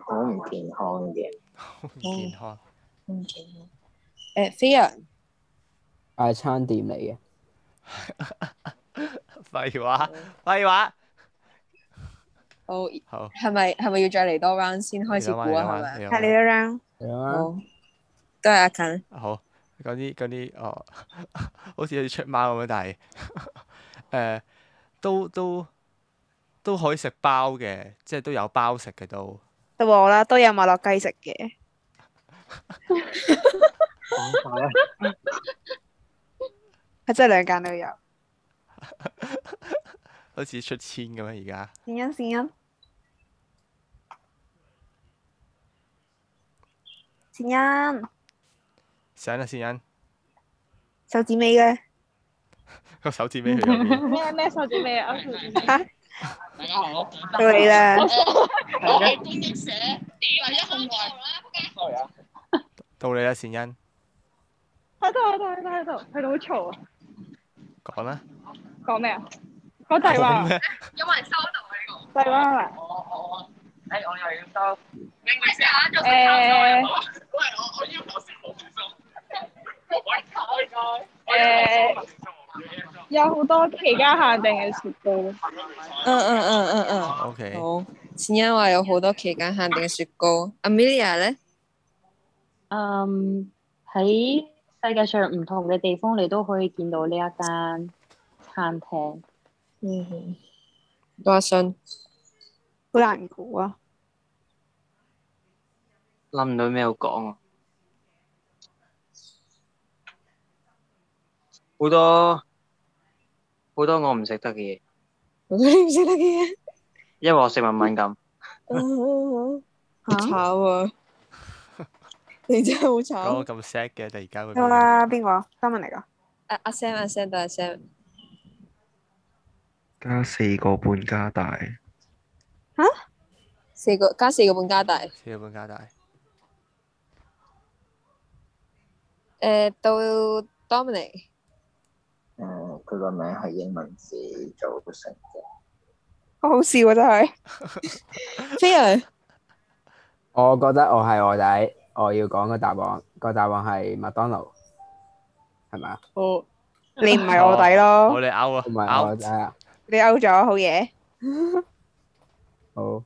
好唔健康嘅，好唔健康。誒，菲啊，快餐店嚟嘅，廢話，廢話。好，好，係咪，係咪要再嚟多 round 先開始估啊？係咪？睇你 round。係都係阿近。好，嗰啲嗰啲，哦，好似要出貓咁樣，但係誒，都都。都可以食包嘅，即係都有包食嘅都。都我啦，都有麥樂雞食嘅。係真係兩間都有。好似出千咁樣！而家。善恩，善恩。善恩。想啊，善恩。手指尾嘅。個手指尾。咩咩手指尾啊？嚇！大家好，到你啦。我係辦公室，電話一響就啦。到你啦，到你啦善欣。喺度喺度喺度喺度，喺度好嘈啊！講啦，講咩啊？講大話。有冇人收到呢個？大話。我我哎，我又要收。明明隻眼都死交叉咗。喂我我要求是冇女生。喂，我哋。有好多期間限定嘅雪糕。嗯嗯嗯嗯嗯。OK。好，倩欣話有好多期間限定嘅雪糕。Amelia 咧？嗯，喺世界上唔同嘅地方，你都可以見到呢一間餐廳。嗯、mm。Hmm. 多一少雙。好難估啊！諗唔到咩好講啊！好多。好多我唔食得嘅嘢，我唔食得嘅嘢，因為我食物敏感。啊啊啊！好慘啊！你真係好慘。咁咁 sad 嘅，但係而家會。得啦，邊個？Dominic 啊，阿 Sam，阿 Sam 定阿 Sam？加四個半加大。嚇？四個加四個半加大。四個半加大。誒，到 Dominic。佢個、嗯、名係英文字組成嘅，好好笑啊！真係，飛人，我覺得我係臥底，我要講個答案，個答案係麥當勞，係咪啊？哦，你唔係臥底咯，我哋 out 啊，唔係臥底。啊，你 out 咗，好嘢，好，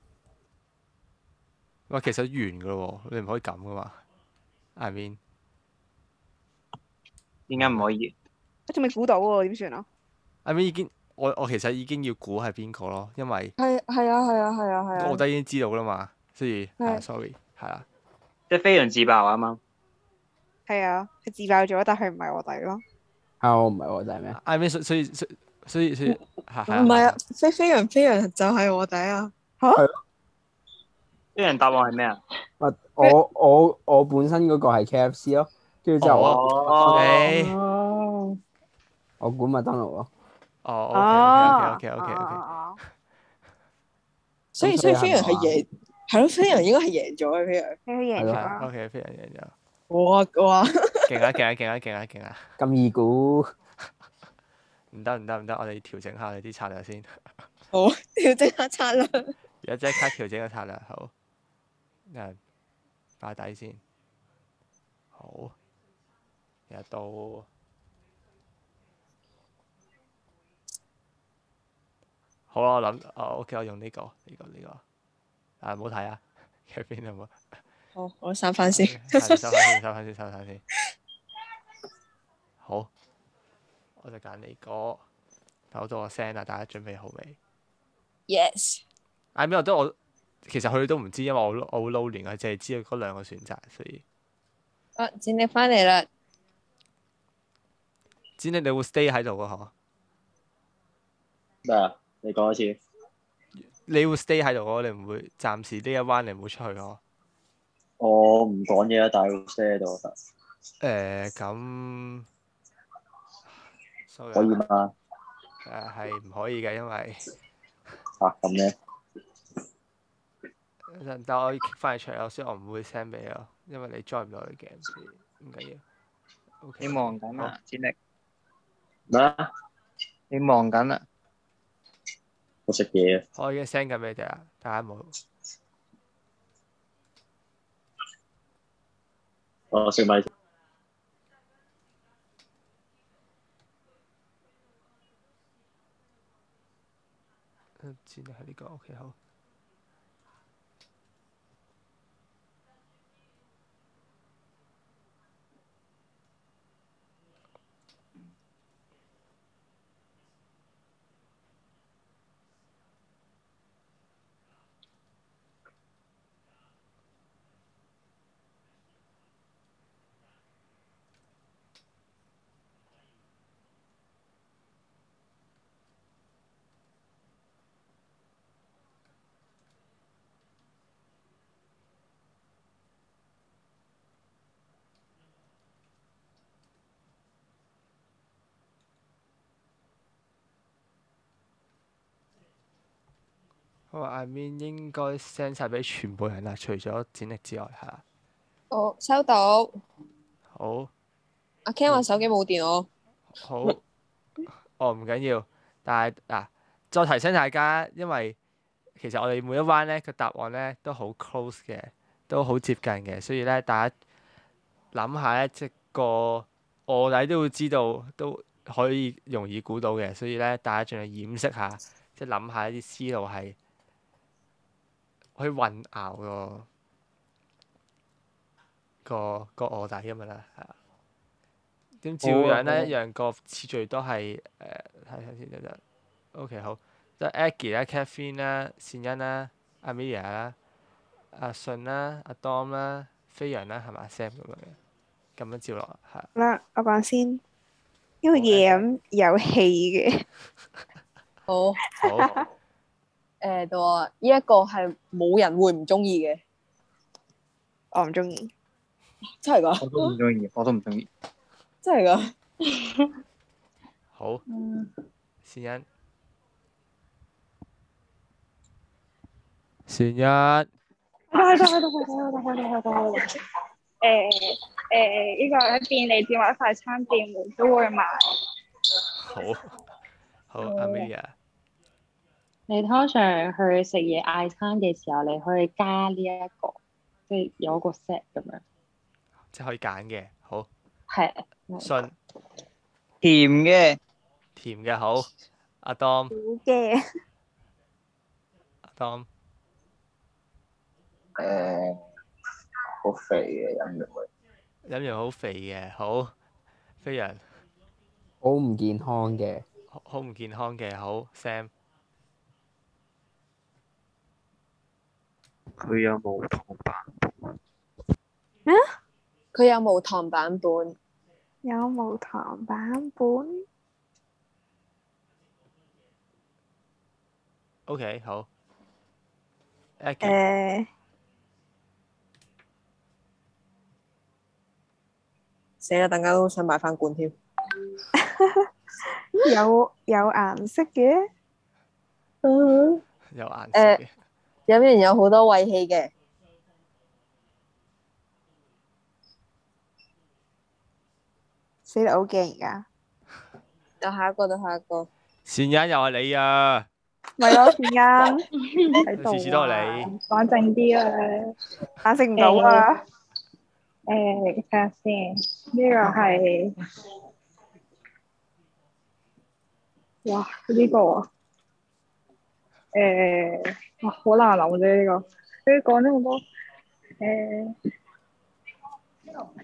喂，其實完噶咯，你唔可以咁噶嘛，I mean，點解唔可以？ 你仲未估到啊？點算啊 i 咪 mean, 已經，我我其實已經要估係邊個咯，因為係係 啊係啊係啊係啊，我都已經知道啦嘛，所以係 sorry 係啊。即係飛揚自爆啱啱係啊，佢自爆咗，但係唔係臥底咯，係我唔係臥底咩？Ivan 所以所以所以唔係啊？即飛飛揚飛揚就係臥底啊吓，飛揚答案係咩啊？我我我本身嗰個係 KFC 咯，跟住就我。我估麥當勞咯。哦 o k o k o k o k 所以所以飛揚係贏，係咯，飛揚應該係贏咗嘅，飛揚，飛揚贏咗。O K，飛揚贏咗。哇哇！勁啊勁啊勁啊勁啊勁啊！咁易估？唔得唔得唔得，我哋調整下你啲策略先。好，調整下策略。而家即刻調整個策略，好。啊，打底先。好，日到。好啦，我諗，我屋企我用呢個，呢個呢個，啊，唔好睇啊，喺邊冇？好，我刪翻先，刪翻先，刪翻先，先。好，我就揀呢個，好多我聲啊，大家準備好未？Yes，阿咩？我都我，其實佢哋都唔知，因為我我好撈亂啊，淨係知嗰兩個選擇，所以，啊，展歷翻嚟啦，展歷你會 stay 喺度啊？嗬，咩啊？你講一次，你會 stay 喺度，你唔會暫時呢一 round，你唔會出去咯。我唔講嘢啦，但係會 stay 喺度。誒，咁 sorry 可以嗎？誒，係唔可以嘅，因為啊，咁咧，但係我要翻去出嚟，我先，我唔會 send 俾你，因為你 join 唔到你 game，唔緊要。OK，你忙緊啦，志力。咩？你忙緊啦。我食嘢。我而家 send 緊俾你哋啦，大家冇。我食米。嗯、這個，知你喺呢個 ok，好。我話、oh, I mean 應該 send 晒俾全部人啦，除咗展歷之外，係啊。哦收到。好。阿 Ken 話手機冇電哦。好。哦唔緊要，但係啊，再提醒大家，因為其實我哋每一 round 咧個答案咧都好 close 嘅，都好接近嘅，所以咧大家諗下咧，即係個臥底都會知道，都可以容易估到嘅，所以咧大家盡量掩飾下，即係諗下一啲思路係。可以混淆那個那個個臥底啊嘛啦，係啊。點照樣咧？哦、一樣個次序都係誒，睇睇先得。就。O.K. 好，即係 Aggie 咧、Catherine 啦，善欣啦 Amelia 啦，阿、啊啊、信啦，阿 Dom 咧、飛揚咧，係咪阿、啊啊、Sam 咁樣，樣，咁樣照落係。啦、嗯，我講先，因為夜咁有氣嘅、 哦。好好。誒，到啊！依一個係冇人會唔中意嘅，我唔中意，真係噶，我都唔中意，我都唔中意，真係噶，好，善一、嗯，善一人，得得得得得得得得得得得。誒誒，依、這個喺便利店或者快餐店會多啲賣，好，好，阿 May 啊。你通常去食嘢嗌餐嘅時候，你可以加呢一個，即係有一個 set 咁樣，即係可以揀嘅。好係，順甜嘅，甜嘅好。阿 Dom，好嘅，阿 Dom，誒，好肥嘅飲料，飲料好肥嘅，好，非常，好唔健康嘅，好好唔健康嘅，好 Sam。佢有無糖版本？啊？佢有無糖版本？有無糖版本？OK 好。誒。死啦，等間都想買翻罐添。有有顏色嘅？嗯。有顏色嘅。有人有好多胃氣嘅，死得好勁而家。到下一個，到下一個。善人又係你啊！咪咯，善人喺度。次次都係你。冷靜啲啦，答成唔到啊！誒，睇下先，呢個係哇呢個啊！誒，好、欸、難諗啫呢個，你講咗好多，誒、欸，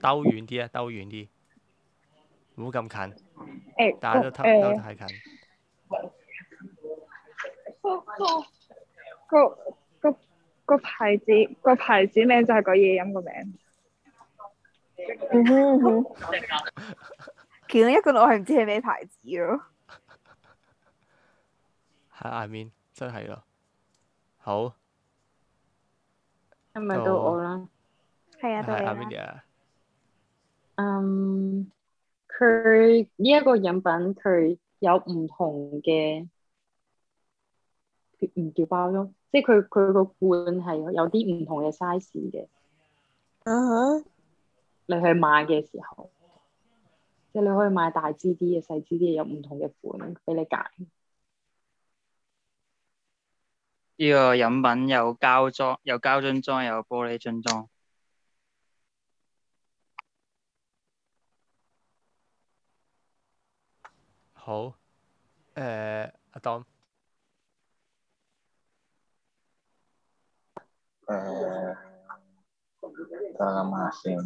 兜遠啲啊，兜遠啲，唔好咁近，誒，都睇唔到太近。啊啊啊、個個個牌子個牌子名就係個嘢飲個名。嗯嗯嗯、 其中一個我係唔知係咩牌子咯。 I mean. 真係咯，好，係咪到我啦，係啊，到你啦。嗯，佢呢一個飲品佢有唔同嘅，唔叫包咯，即係佢佢個罐係有啲唔同嘅 size 嘅。Uh huh. 你去買嘅時候，即係你可以買大支啲嘅、細支啲嘅，有唔同嘅款俾你揀。呢個飲品有膠裝、有膠樽裝、有玻璃樽裝。好，誒，阿當，誒，我諗下先，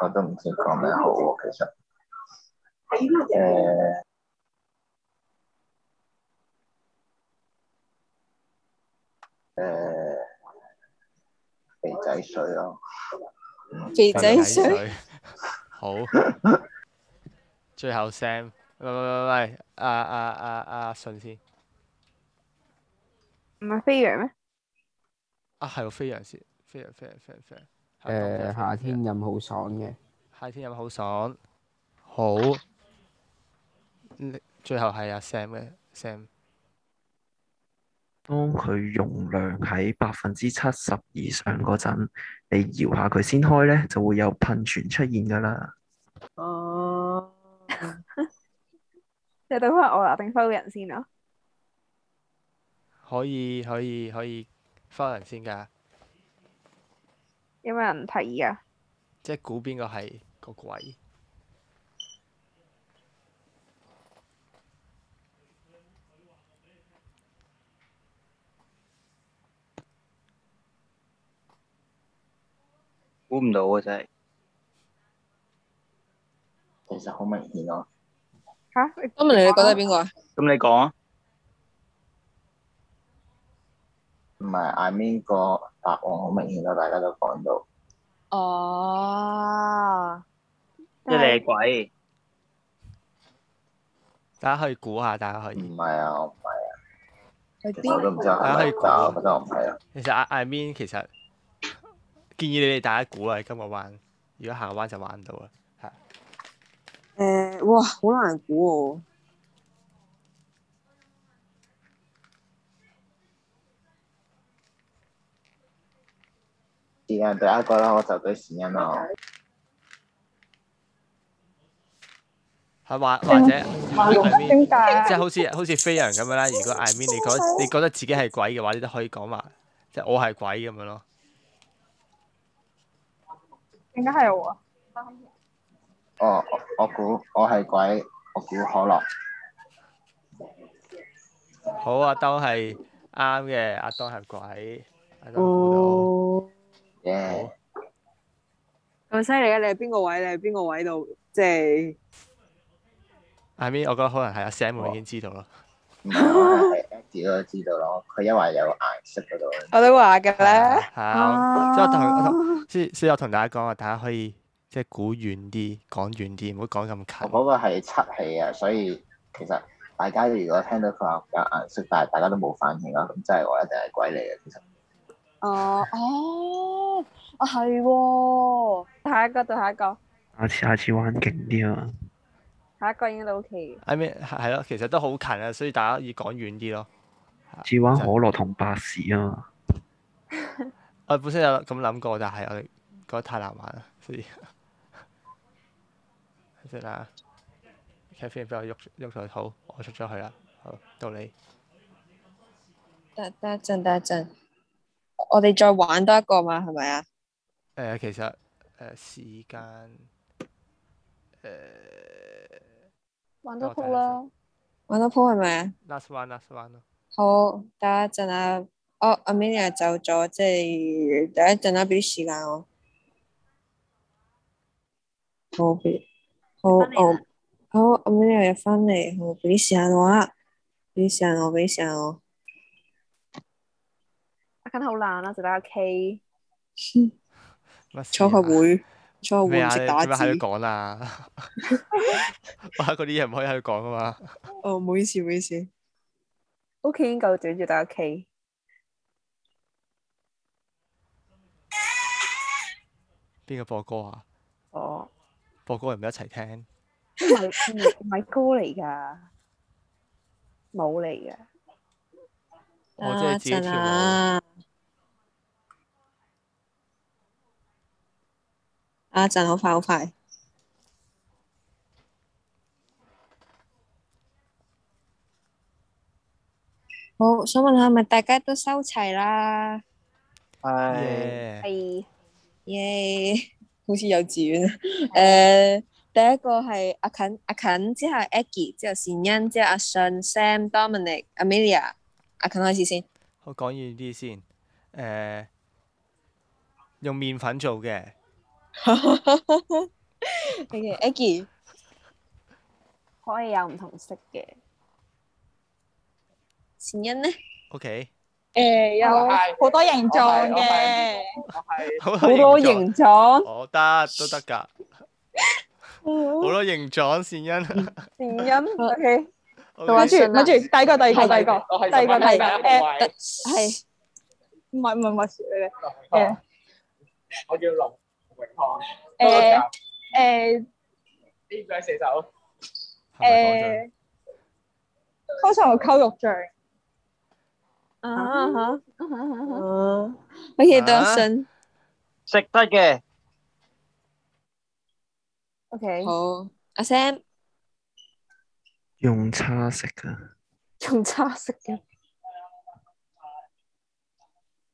我都唔知講咩好喎，其實。誒。Uh, 肥仔水咯，肥仔水， 好， 最後 Sam，喂喂喂喂，阿阿阿阿順先，唔係飛揚咩？啊係、啊，飛揚先，飛揚飛揚飛揚，誒、呃，夏天飲好爽嘅，夏天飲好爽，好， 最後係阿 Sam 嘅 Sam。 當佢容量喺百分之七十以上嗰陣，你搖下佢先開咧，就會有噴泉出現噶啦。哦、uh，即等翻我定 follow 人先咯。可以可以可以 follow 人先噶。有冇人提議啊？即係估邊個係個鬼？估唔到啊！真係，其實好明顯咯。嚇？咁問你，你覺得係邊個啊？咁你講啊？唔係，I mean 個答案好明顯咯，大家都講到。哦。即係你鬼。大家可以估下，大家可以。唔係啊！我唔係啊！我都唔知。大家可以講啊，我覺得我唔係啊。其實，I I mean，其實。建議你哋大家估啊！今日玩，如果行個彎就玩唔到啦，係。誒，哇，好難估喎。是啊，第一個啦，我就畀時間咯。係或或者，即係好似好似飛人咁樣啦。如果 I mean 你覺得你覺得自己係鬼嘅話，你都可以講埋，即係我係鬼咁樣咯。應該係我。哦、oh，我估我係鬼，我估可樂。好啊，都係啱嘅，阿東係鬼，阿東估到。耶！咁犀利啊！你喺邊個位？你喺邊個位度？即係阿咪，I mean, 我覺得可能係阿 Sam，oh，已經知道咯。唔知道咯，佢因為有顏色嗰度。我都話嘅咧。係啊，即係同同先先我同大家講啊，大家可以即係估遠啲，講遠啲，唔好講咁近。嗰個係七氣啊，所以其實大家如果聽到佢話有顏色，但係大家都冇反應啦，咁即係我一定係鬼嚟嘅，其實。哦、啊啊、哦，啊係喎，下一個到下一個。下個下次下次玩勁啲啊！下一個應該都 OK。係咩係咯？其實都好近啊，所以大家要講遠啲咯。似玩可樂同百事啊嘛。我本身有咁諗過，但係我哋覺得太難玩，所以。得 啦。咖啡畀我喐郁在好，我出咗去啦。好到你。得得一陣，得一陣。我哋再玩多一個嘛？係咪啊？誒、呃，其實誒、呃，時間誒。呃玩多鋪咯，玩多鋪係咪啊？last one，last one 咯。好，等一陣啊。哦，Amelia 走咗，即係等一陣啊，俾啲時間我、哦。好、哦，好、哦，哦，好，Amelia 翻嚟，好俾啲時間我、哦，哦哦嗯、啊。俾時間我，俾時間我。我見佢好難一直喺度 K。唔錯，會。咩啊？你唔可以喺度講啦！哇，嗰啲嘢唔可以喺度講噶嘛？哦，唔好意思，唔好意思。OK，夠短住打 K。邊個播歌啊？哦，播歌係咪一齊聽？唔係唔係歌嚟噶，舞嚟噶。我即係自己跳舞。阿陣好快，好快。好，想問下，咪大家都都收齊啦？係。係。耶！好似幼稚園。誒、 呃，第一個係阿勤、阿勤之後 Aggie 之後善欣，之後阿信、Sam、Dominic、Amelia。阿勤開始先。我講遠啲先。誒、呃，用麵粉做嘅。其實 Aggie 可以有唔同色嘅，Sinyan 咧？OK，誒，有好多形狀嘅，好多形狀，我得都得噶，好多形狀，Sinyan，Sinyan，OK。搵住，搵住，第一個，第二個，第二個，第二個係誒，係，唔係唔係唔係你哋，誒，我叫龍。永康，誒誒，A. B. 四手，誒，通常我溝肉醬，啊嚇啊嚇啊嚇，乜嘢都信，食得嘅，O. K.，好，阿 Sam，用叉食噶，用叉食嘅，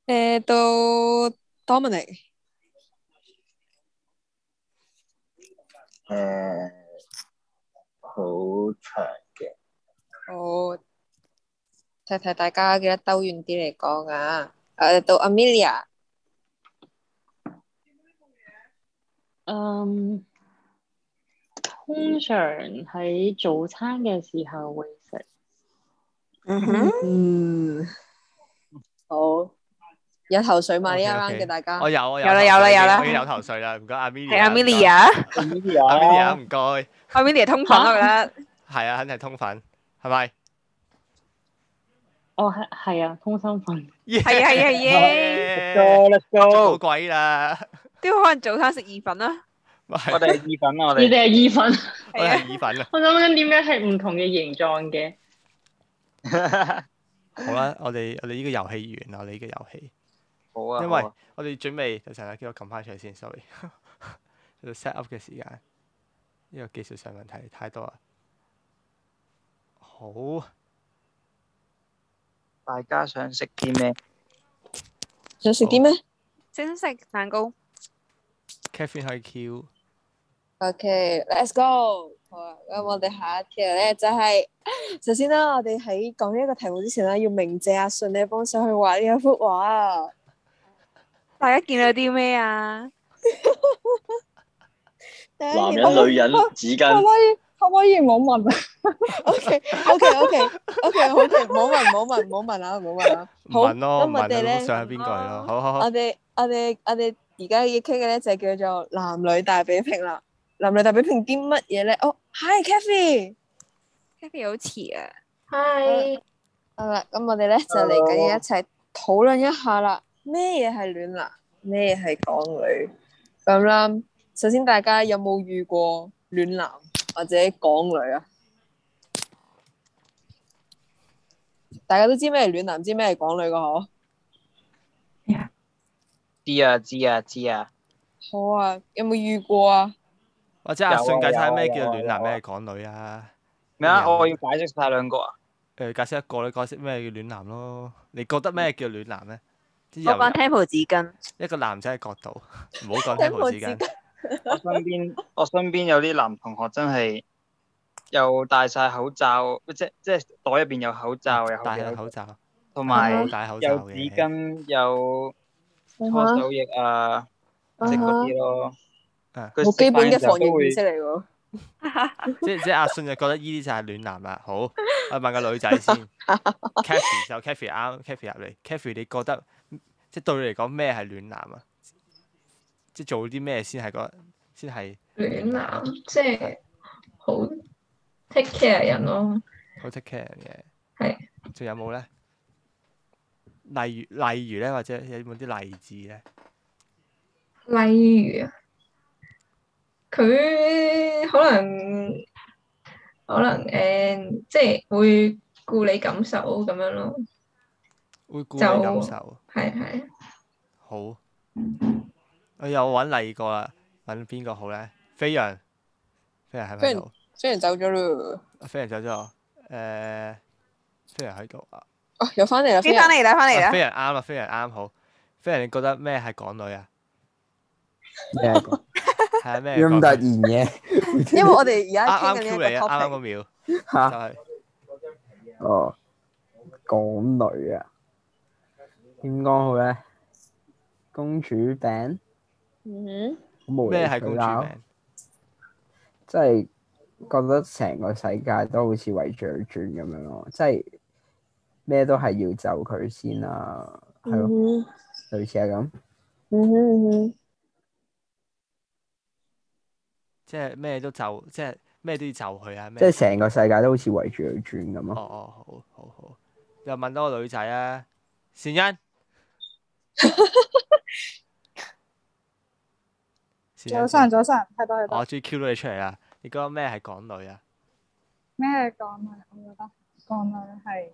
誒到 Dominic。誒，uh, 好長嘅。我睇睇大家記得兜遠啲嚟講啊。誒, uh, 到 Amelia。嗯，通常喺早餐嘅時候會食。嗯哼。嗯，好。有頭緒嘛？呢一晚嘅大家，我有啊，有啦，有啦，有啦，我要有頭緒啦！唔該，Amelia，係 Amelia，Amelia，唔該，Amelia 通粉啊！我覺得係啊，肯定係通粉，係咪？我係係啊，通心粉，係啊，係啊，係耶！多啦，多到鬼啦！點可能早餐食意粉啊？我哋係意粉，我哋，你哋係意粉，我哋係意粉。我諗緊點解係唔同嘅形狀嘅。好啦，我哋我哋呢個遊戲完啦，我哋呢個遊戲。好啊，好啊，因為我哋準備就成日叫我撳翻出嚟先，sorry，喺度 set up 嘅時間，呢個技術上問題太多啦。好，大家想食啲咩？想食啲咩？好想食蛋糕。Catherine 以巧。o k、okay, let's go。好啊，咁我哋下一條咧就係、是、首先啦、啊，我哋喺講呢一個題目之前咧，要鳴謝阿順咧幫手去畫呢一幅畫啊。大家見到啲咩啊？ 男人、啊、女人、指甲巾。可唔可以可唔可以唔好問啊？OK，OK，OK，OK，OK，唔好問，唔好問，唔好問啊，唔好問。問咯，問我哋咧想係邊個咯？好好好，我哋我哋我哋而家要傾嘅咧就叫做男女大比拼啦。男女大比拼啲乜嘢咧？哦、oh，Hi，Kathy，Kathy 好遲啊。Hi，好啦，咁我哋咧就嚟緊要一齊討論一下啦。Oh. 咩嘢係暖男？咩嘢係港女？咁啦，首先大家有冇遇過暖男或者港女啊？大家都知咩係暖男，唔知咩係港女個嗬 Yeah.？知啊知啊知啊！好啊、哦，有冇遇過啊？或者係順解釋咩叫暖男，咩係、啊啊啊啊、港女啊？咩啊？啊啊我要解釋晒兩個啊！誒、嗯，解釋一個啦，你解釋咩叫暖男咯？你覺得咩叫暖男咧？ 我玩 Tempo 紙巾。一個男仔嘅角度，唔好講 Tempo 紙巾。我身邊，我身邊有啲男同學真係又戴晒口罩，即即袋入邊有口罩，又戴口罩，同埋戴口罩紙巾，有搓手液啊，食嗰啲咯。冇基本嘅防疫意識嚟喎。即即阿信就覺得呢啲就係暖男啦。好，我問個女仔先。Kathy 就 Kathy 啱，Kathy 入嚟，Kathy 你覺得？即係對你嚟講咩係暖男啊？即係做啲咩先係嗰先係暖男？即係好 take care 人咯，好 take care 人嘅。係仲有冇咧？例如例如咧，或者有冇啲例子咧？例如啊，佢可能可能誒，即係會顧你感受咁樣咯，會顧你感受。係係 好，哎、我又揾第二個啦，揾邊個好咧？飛揚，飛揚喺咪度、呃？飛揚走咗咯。飛揚走咗，誒、啊，飛揚喺度啊！哦，又翻嚟啦，飛翻嚟啦，翻嚟啦。飛揚啱啦，飛揚啱好。飛揚你覺得咩係港女啊？係 啊，咩咁 突然嘅？ 因為我哋而家啱啱嘅呢個 topic 就吓、係，哦，港女啊！點講好咧？公主病、mm，嗯、hmm. 哼，咩係公主病？即係覺得成個世界都好似圍住佢轉咁樣咯，即係咩都係要就佢先啦、啊，係咯、mm hmm. 啊，類似係咁，嗯哼、mm hmm. 即係咩都就，即係咩都要就佢啊，即係成個世界都好似圍住佢轉咁咯。哦哦，好好好，又問多個女仔啊，善欣。 早晨，早晨，太多太多。我終於 Q 到你出嚟啦！你覺得咩係港女啊？咩港女？我覺得港女係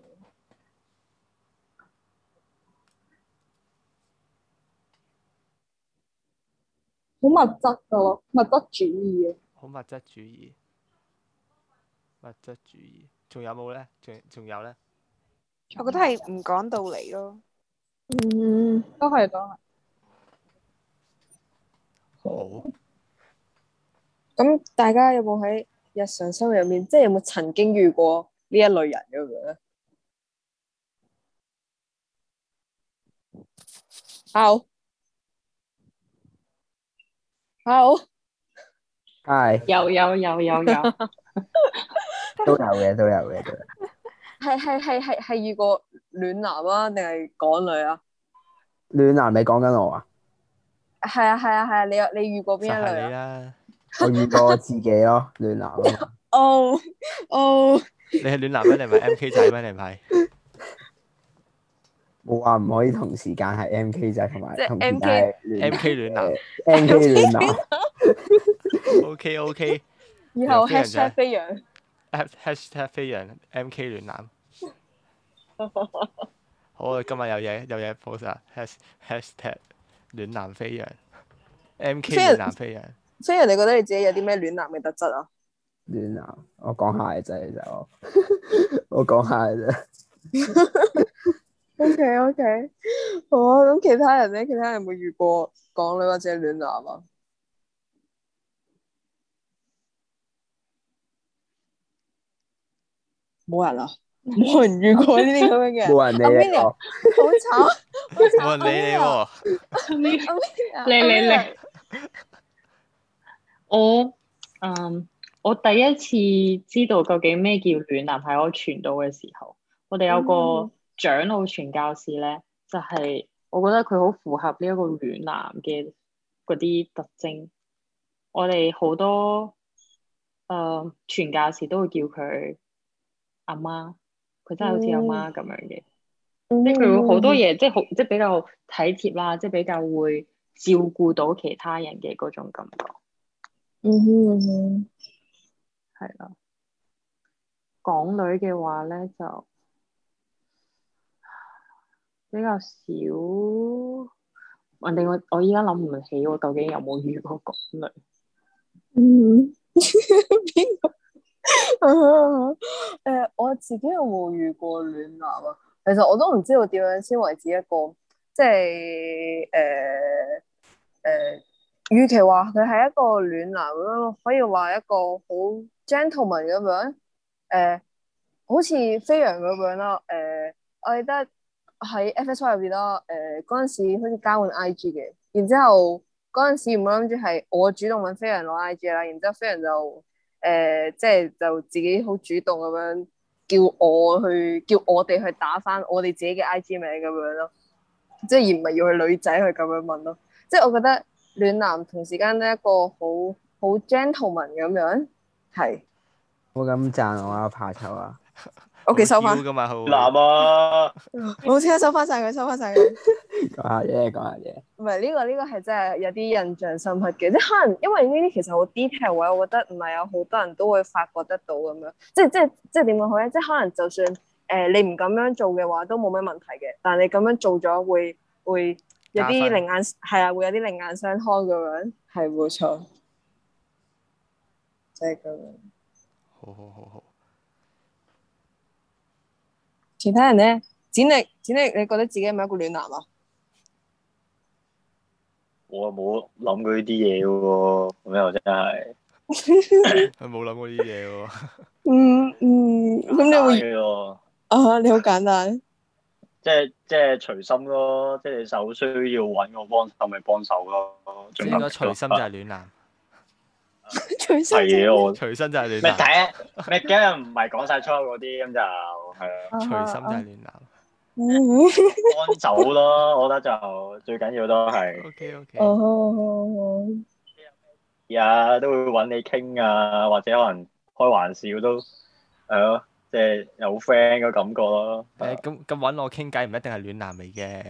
好物質噶，物質主義啊！好物質主義，物質主義，仲有冇咧？仲仲有咧？我覺得係唔講道理咯。嗯，都係講啦。都好。咁大家有冇喺日常生活入面，即係有冇曾經遇過呢一類人咁樣？Hello? Hello? Hi 有，有，係，有有有有有， 都有嘅，都有嘅，係係係係係，遇過暖男啊，定係港女啊？暖男，你講緊我啊？係啊係啊係啊！你你遇過邊一類？係啦，我遇過自己咯，暖男。哦哦，你係暖男咩？定係 M K 仔咩？你唔係？冇話唔可以同時間係 M K 仔同埋同 M K 暖男，M K 暖男。O K O K，以後 #hashtag 飛揚 #hashtag 飛揚 M K 暖男。 好啊！今日有嘢有嘢 post 啊！Has hashtag 暖男飛揚，MK 暖男飛揚。所以你哋覺得你自己有啲咩暖男嘅特質啊？暖男，我講下嘅啫其實，我我講下嘅啫。OK OK，好啊！咁其他人咧，其他人有冇遇過港女或者暖男啊？冇人啦。冇人遇過呢啲咁樣嘅，冇人理嘅，好慘， 冇 人嚟喎，你， 你， 你 我嗯，我第一次知道究竟咩叫暖男喺我傳道嘅時候，我哋有個長老傳教士咧，就係、是、我覺得佢好符合呢一個暖男嘅嗰啲特徵。我哋好多誒傳、呃、教士都會叫佢阿媽。佢真係好似阿媽咁樣嘅，跟住好多嘢，即係好即係比較體貼啦，即係比較會照顧到其他人嘅嗰種感覺。嗯哼嗯哼，係、hmm. 咯。港女嘅話咧就比較少，唔定，我我依家諗唔起我究竟有冇遇過港女？嗯、mm，邊個？誒、 呃，我自己有冇遇過暖男啊？其實我都唔知道點樣先為止一個，即係誒誒，與其話佢係一個暖男咁樣，可以話一個好 gentleman 咁樣，誒、呃，好似飛揚咁樣啦，誒、呃，我記得喺 F S Y 入邊啦，誒、呃，嗰陣時好似交換 I G 嘅，然之後嗰陣時唔好諗住係我主動搵飛揚攞 I G 啦，然之後飛揚就。誒，即係就自己好主動咁樣叫我去，叫我哋去打翻我哋自己嘅 IG 名咁樣咯，即係而唔係要去女仔去咁樣問咯。即係我覺得暖男同時間呢一個好好 gentleman 咁樣，係，好咁讚我啊，怕醜啊！屋企 Okay, 收翻，男啊！我即刻收翻晒佢，收翻晒佢。講 下嘢，講下嘢。唔係呢個呢、呢個係真係有啲印象深刻嘅，即、就、係、是、可能因為呢啲其實好 detail 嘅，我覺得唔係有好多人都會發覺得到咁樣。即係即係即係點講好咧？即係可能就算誒、呃、你唔咁樣做嘅話都冇咩問題嘅，但係你咁樣做咗會會有啲另眼係啊，會有啲另眼,分眼相看嘅、就是、樣。係冇錯，即係咁樣。好好好好。其他人咧，展歷，展歷，你覺得自己係咪一個暖男啊？我冇諗 過呢啲嘢嘅喎，咁又真係，佢冇諗過呢啲嘢喎。嗯嗯，咁你會啊？你好簡單，即係即係隨心咯，即係你手需要揾我幫手咪幫手咯？應該隨心就係暖男。係嘅，我隨身就係你。你睇，咩嘅人唔係講晒粗口嗰啲咁就係啦。隨心就係暖男。 安走咯，我覺得就最緊要都係。O K O K。哦。呀， 都會揾你傾啊，或者可能開玩笑都係咯，即、呃、係、就是、有 friend 嘅感覺咯。誒、欸，咁咁揾我傾偈唔一定係暖男嚟嘅。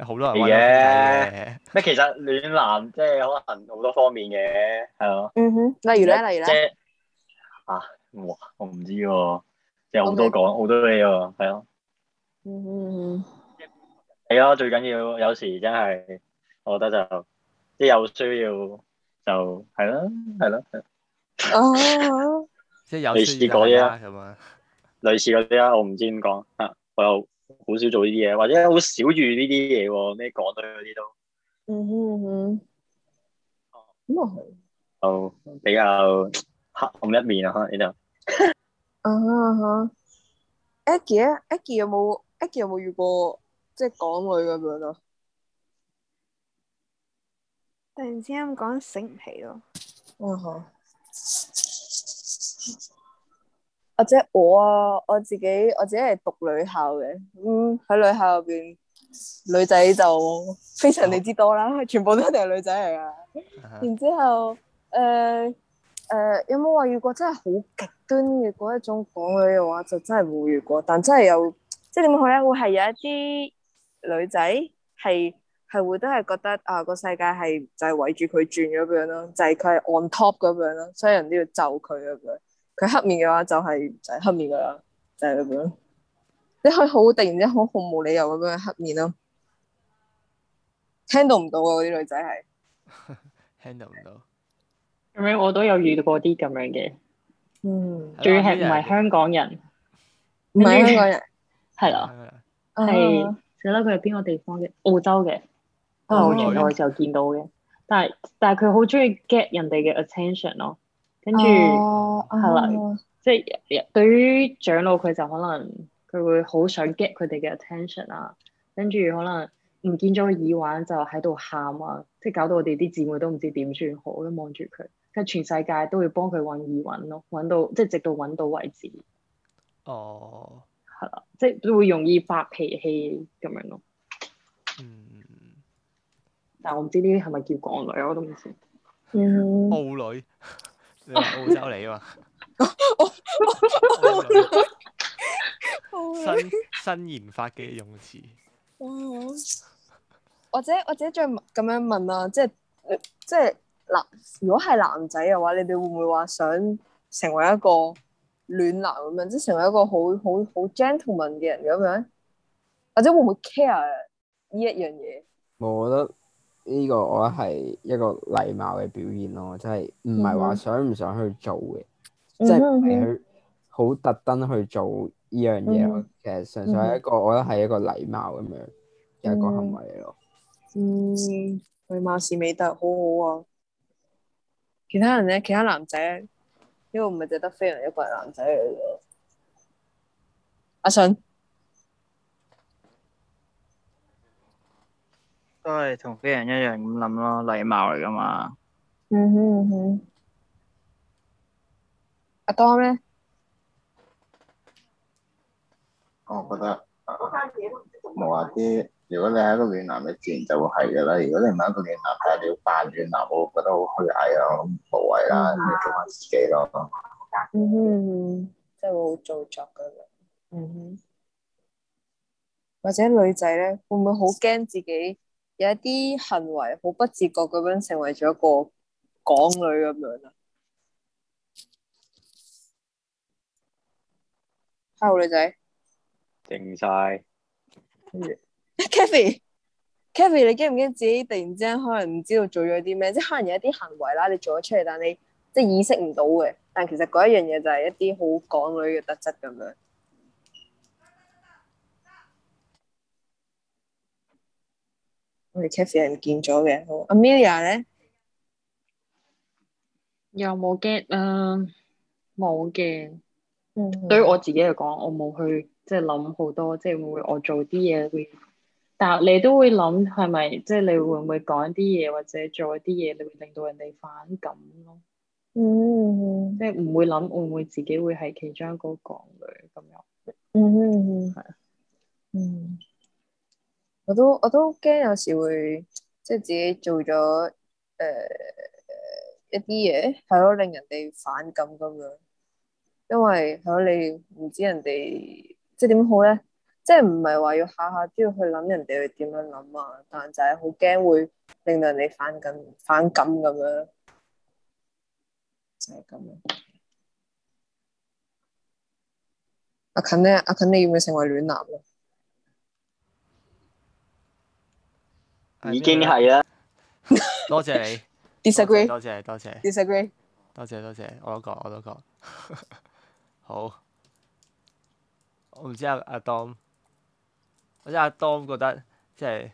好多人係咩的 其實暖男即係可能好多方面嘅，係咯。嗯哼，例如咧，例如咧、就是。啊，哇我我唔知喎、啊，即係好多講好 Okay. 多嘢喎、啊，係咯、嗯。嗯嗯係咯， 最緊要有時真係，我覺得就即係、就是、有需要就係咯係咯。哦，即係有類似嗰啲啦，咁啊，類似嗰啲啦，我唔知點講吓，我又。好少做呢啲嘢，或者好少遇呢啲嘢喎，咩港女嗰啲都嗯，嗯哼嗯哼，哦咁又係，哦比較黑暗一面啊呢度，啊哈，Eddie，Eddie 有冇，Eddie 有冇遇過即係、就是、港女咁樣啊？突然之間講醒唔起咯，嗯哈。或者我啊，我自己我自己係讀女校嘅，嗯喺女校入邊，女仔就非常地之多啦，全部都一定係女仔嚟噶。然之後，誒、呃、誒、呃，有冇話遇過真係好極端嘅嗰一種港女嘅話，就真係冇遇過，但真係有，即係點講咧？會係有一啲女仔係係會都係覺得啊，個世界係就係圍住佢轉咁樣咯，就係佢係 on top 咁樣咯，所以人都要就佢咁樣。.佢黑面嘅話就係就係黑面噶啦，就係、是、咁樣。你可以好突然之間好毫無理由咁樣黑面咯，handle 唔到啊！嗰啲女仔係 handle 唔到。咁樣 le without. 我都有遇到過啲咁樣嘅，嗯，最係唔係香港人，唔係香港人，係 啦 的，係 是。你諗佢係邊個地方嘅？澳洲嘅，澳洲，我從來就見到嘅、oh,，但係但係佢好中意 get 人哋嘅 attention 咯。跟住係啦，即係、oh, oh. 就是、對於長老佢就可能佢會好想 get 佢哋嘅 attention 啊，跟住可能唔見咗個耳環就喺度喊啊，即、就、係、是、搞到我哋啲姊妹都唔知點算好咯，望住佢，即係全世界都會幫佢揾耳環咯，揾到即係、就是、直到揾到為止。哦、oh.，係啦，即都會容易發脾氣咁樣咯。嗯，mm. 但係我唔知呢啲係咪叫港女我都唔知，澳、mm. 女。澳洲嚟啊嘛？ 新新研發嘅用詞 或者或者再咁樣問啊。即係即係嗱，如果係男仔嘅話，你哋會唔會話想成為一個暖男咁樣，即係成為一個好好好 gentleman 嘅人咁樣？或者會唔會 care 呢一樣嘢？我覺得。呢個我覺得係一個禮貌嘅表現咯，即係唔係話想唔想去做嘅，嗯、即係唔係去好特登去做呢樣嘢，嗯、其實純粹係一個、嗯、我覺得係一個禮貌咁樣、嗯、一個行為咯。嗯，禮貌係美德，好好啊！其他人咧，其他男仔，因為唔係淨得飛揚一個男仔嚟嘅，呀舜。都係同非人一樣咁諗咯，禮貌嚟噶嘛。嗯哼嗯哼。阿當咧，我覺得冇話啲。如果你係一個暖男，你自然就會係噶啦。如果你唔係一個暖男，但係你要扮暖男，我覺得好虛偽呀，咁無謂啦，你做翻自己咯。嗯哼嗯哼、嗯，真係會好做作噶。嗯、mm、哼。Hmm. 或者女仔咧，會唔會好驚自己？有一啲行為好不自覺咁樣成為咗一個港女咁樣啦。Hello 女仔定晒。Kathy，Kathy，你驚唔驚自己突然之間可能唔知道做咗啲咩？即係可能有一啲行為啦，你做咗出嚟，但你即係意識唔到嘅。但其實嗰一樣嘢就係一啲好港女嘅特質咁樣。我哋咖啡人見咗嘅，Amelia 咧，有冇 get 啊？冇嘅。嗯、mm，hmm. 對於我自己嚟講，我冇去即係諗好多，即係會唔會我做啲嘢會，但係你都會諗係咪，即係你會唔會講一啲嘢或者做一啲嘢，你會令到人哋反感咯。嗯、mm，hmm. 即係唔會諗會唔會自己會係其中一個港女咁樣。嗯，係嗯。我都我都驚有時會即係自己做咗誒、呃、一啲嘢係咯，令人哋反感咁樣。因為係咯，你唔知人哋即係點好咧，即係唔係話要下下都要去諗人哋會點樣諗啊，但就係好驚會令人哋反感、反感咁樣，就係、是、咁樣。阿勤咧，阿勤你要唔要成為暖男咧？已經係啦，多謝你。Disagree 謝。 多謝多謝。Disagree。多謝多謝，我都覺，我都覺。 好。我唔知阿阿 Dom 我知阿 Dom 覺得即係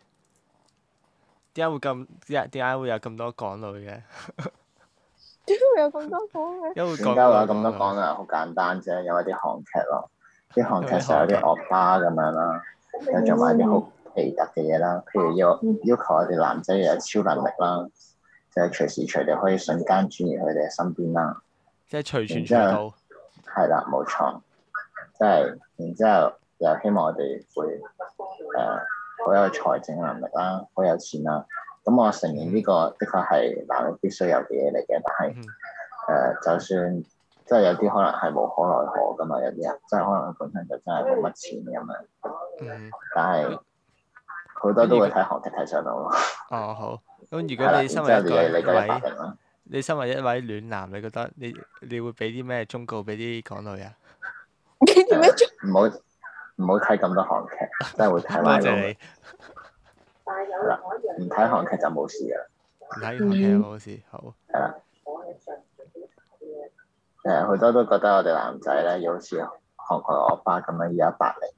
點解會咁？點解點解會有咁多港女嘅？點解 會有咁多港女？ 為會港因為港有咁多港女，好簡單啫，為有為啲韓劇咯，啲韓劇成日有啲惡霸咁樣啦，跟住仲有啲好奇特嘅嘢啦，譬如要要求我哋男仔有超能力啦，就係、是、隨時隨地可以瞬間轉移佢哋身邊啦，即係隨傳隨便到，係啦，冇錯。即、就、係、是、然之後又希望我哋會誒好、呃、有財政能力啦，好有錢啦。咁我承認呢個的確係男人必須有嘅嘢嚟嘅，但係誒、嗯呃、就算即係、就是、有啲可能係無可奈何㗎嘛，有啲人即係可能佢本身就真係冇乜錢嘅嘛，嗯、但係。好多都會睇韓劇睇上腦咯。哦好，咁如果你身為一位， 你身為一位暖男，你覺得你你會俾啲咩忠告俾啲港女啊？唔好唔好睇咁多韓劇，真係會睇上腦。唔睇韓劇就冇事啦。睇韓劇冇事，好、嗯。係啦。誒，好多都覺得我哋男仔咧，有好似韓國阿爸咁樣，而家百零，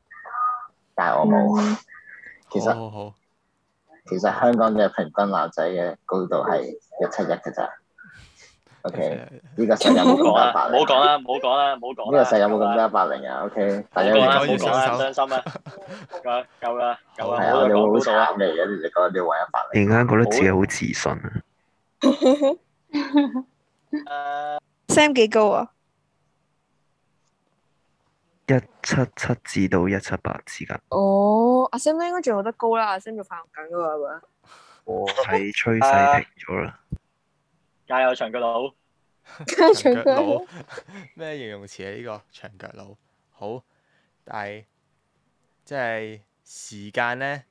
但係我冇。 其實，其實香港嘅平均男仔嘅高度係一七一嘅咋。O K，呢個世有冇咁多一八零啊？O K，唔好講啦，唔好講啦，唔好講呢個世有冇咁多一八零啊？O K，大家唔好傷心啦，傷心夠啦，夠啦，係啊，你哋好淡啊！嘅，你講啲壞一發。突然間覺得自己好自信啊！Sam 幾高啊？一七七至到一七八之間。哦，oh, 阿 sam 應該仲有得高啦，阿 sam 仲發緊噶嘛係咪啊？我係趨勢停咗啦，哦、 加油長腳佬， 長腳腳佬咩 形容詞啊？呢、這個長腳佬好，但係即係時間咧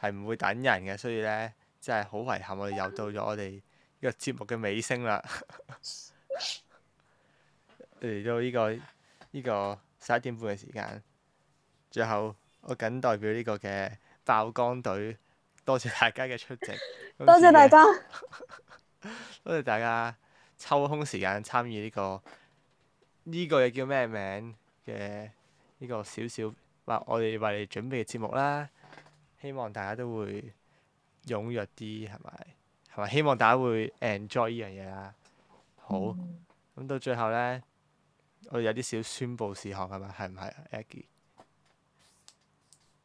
係唔會等人嘅，所以咧即係好遺憾，我哋又到咗我哋呢個節目嘅尾聲啦，嚟 到呢個呢個。這個十一點半嘅時間，最後我僅代表呢個嘅爆肝隊，多謝大家嘅出席， 次多謝大家， 多謝大家抽空時間參與呢、呢個呢、呢個嘢叫咩名嘅呢個少少，或我哋為你準備嘅節目啦，希望大家都會踴躍啲，係咪？係咪？希望大家會 enjoy 呢樣嘢啦。好，咁、嗯、到最後咧。我有啲小宣佈事項啊嘛，係唔係啊 Aggie？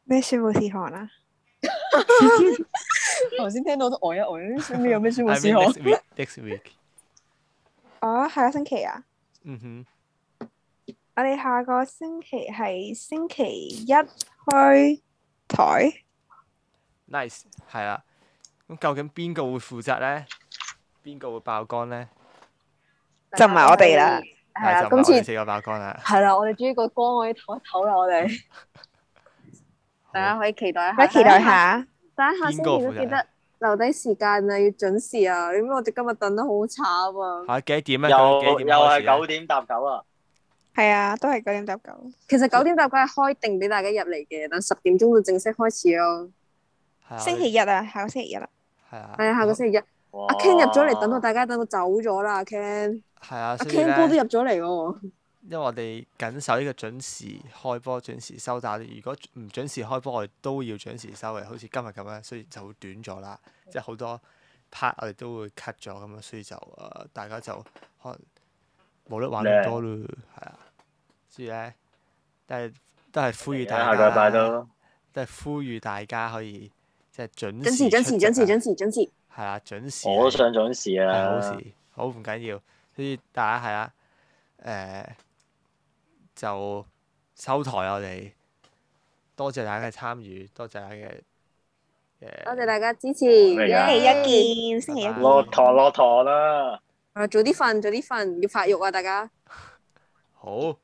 咩宣佈事項啊？我先聽到都呆、呃、一呆、呃，咩有咩宣布事項 I mean,？Next week，啊、 哦，係啊，星期啊。嗯哼， 我哋下個星期係星期一開台。Nice，係啊。咁究竟邊個會負責咧？邊個會爆肝咧？Dai 就唔係我哋啦。係啦，今次係啦，我哋終於個光可以唞一唞啦，我哋大家可以期待一下，期待下，大家下星期都記得留低時間啊，要準時啊，點解我哋今日等得好慘啊？係幾點啊？又又係九點搭九啊？係啊，都係九點搭九。其實九點搭九係開定俾大家入嚟嘅，但十點鐘就正式開始咯。星期日啊，下個星期日啦。係啊，係啊，下個星期一。阿 Ken 入咗嚟，等到大家等到走咗啦，阿 Ken。係啊，阿 Ken 哥都入咗嚟喎。因為我哋緊守呢個準時開波， 準時收打。如果唔準時開波，我哋都要準時收嘅，好似今日咁樣，所以就會短咗啦。嗯、即係好多 part 我哋都會 cut 咗咁樣，所以就啊，大家就可能冇得玩咁多咯，係美啊。所以咧，誒，都係呼籲大家。拜拜咯！都係呼籲大家可以即係準時、準時、準時。係啦，準時。我都想準時啊。準時，好唔緊要。所以大家係啦。誒、呃。就收台我哋。多謝大家嘅參與，多謝大家嘅。呃、多謝大家支持，星期一見，星期一。落堂落堂啦！啊，早啲瞓，早啲瞓，要發育啊，大家。 好。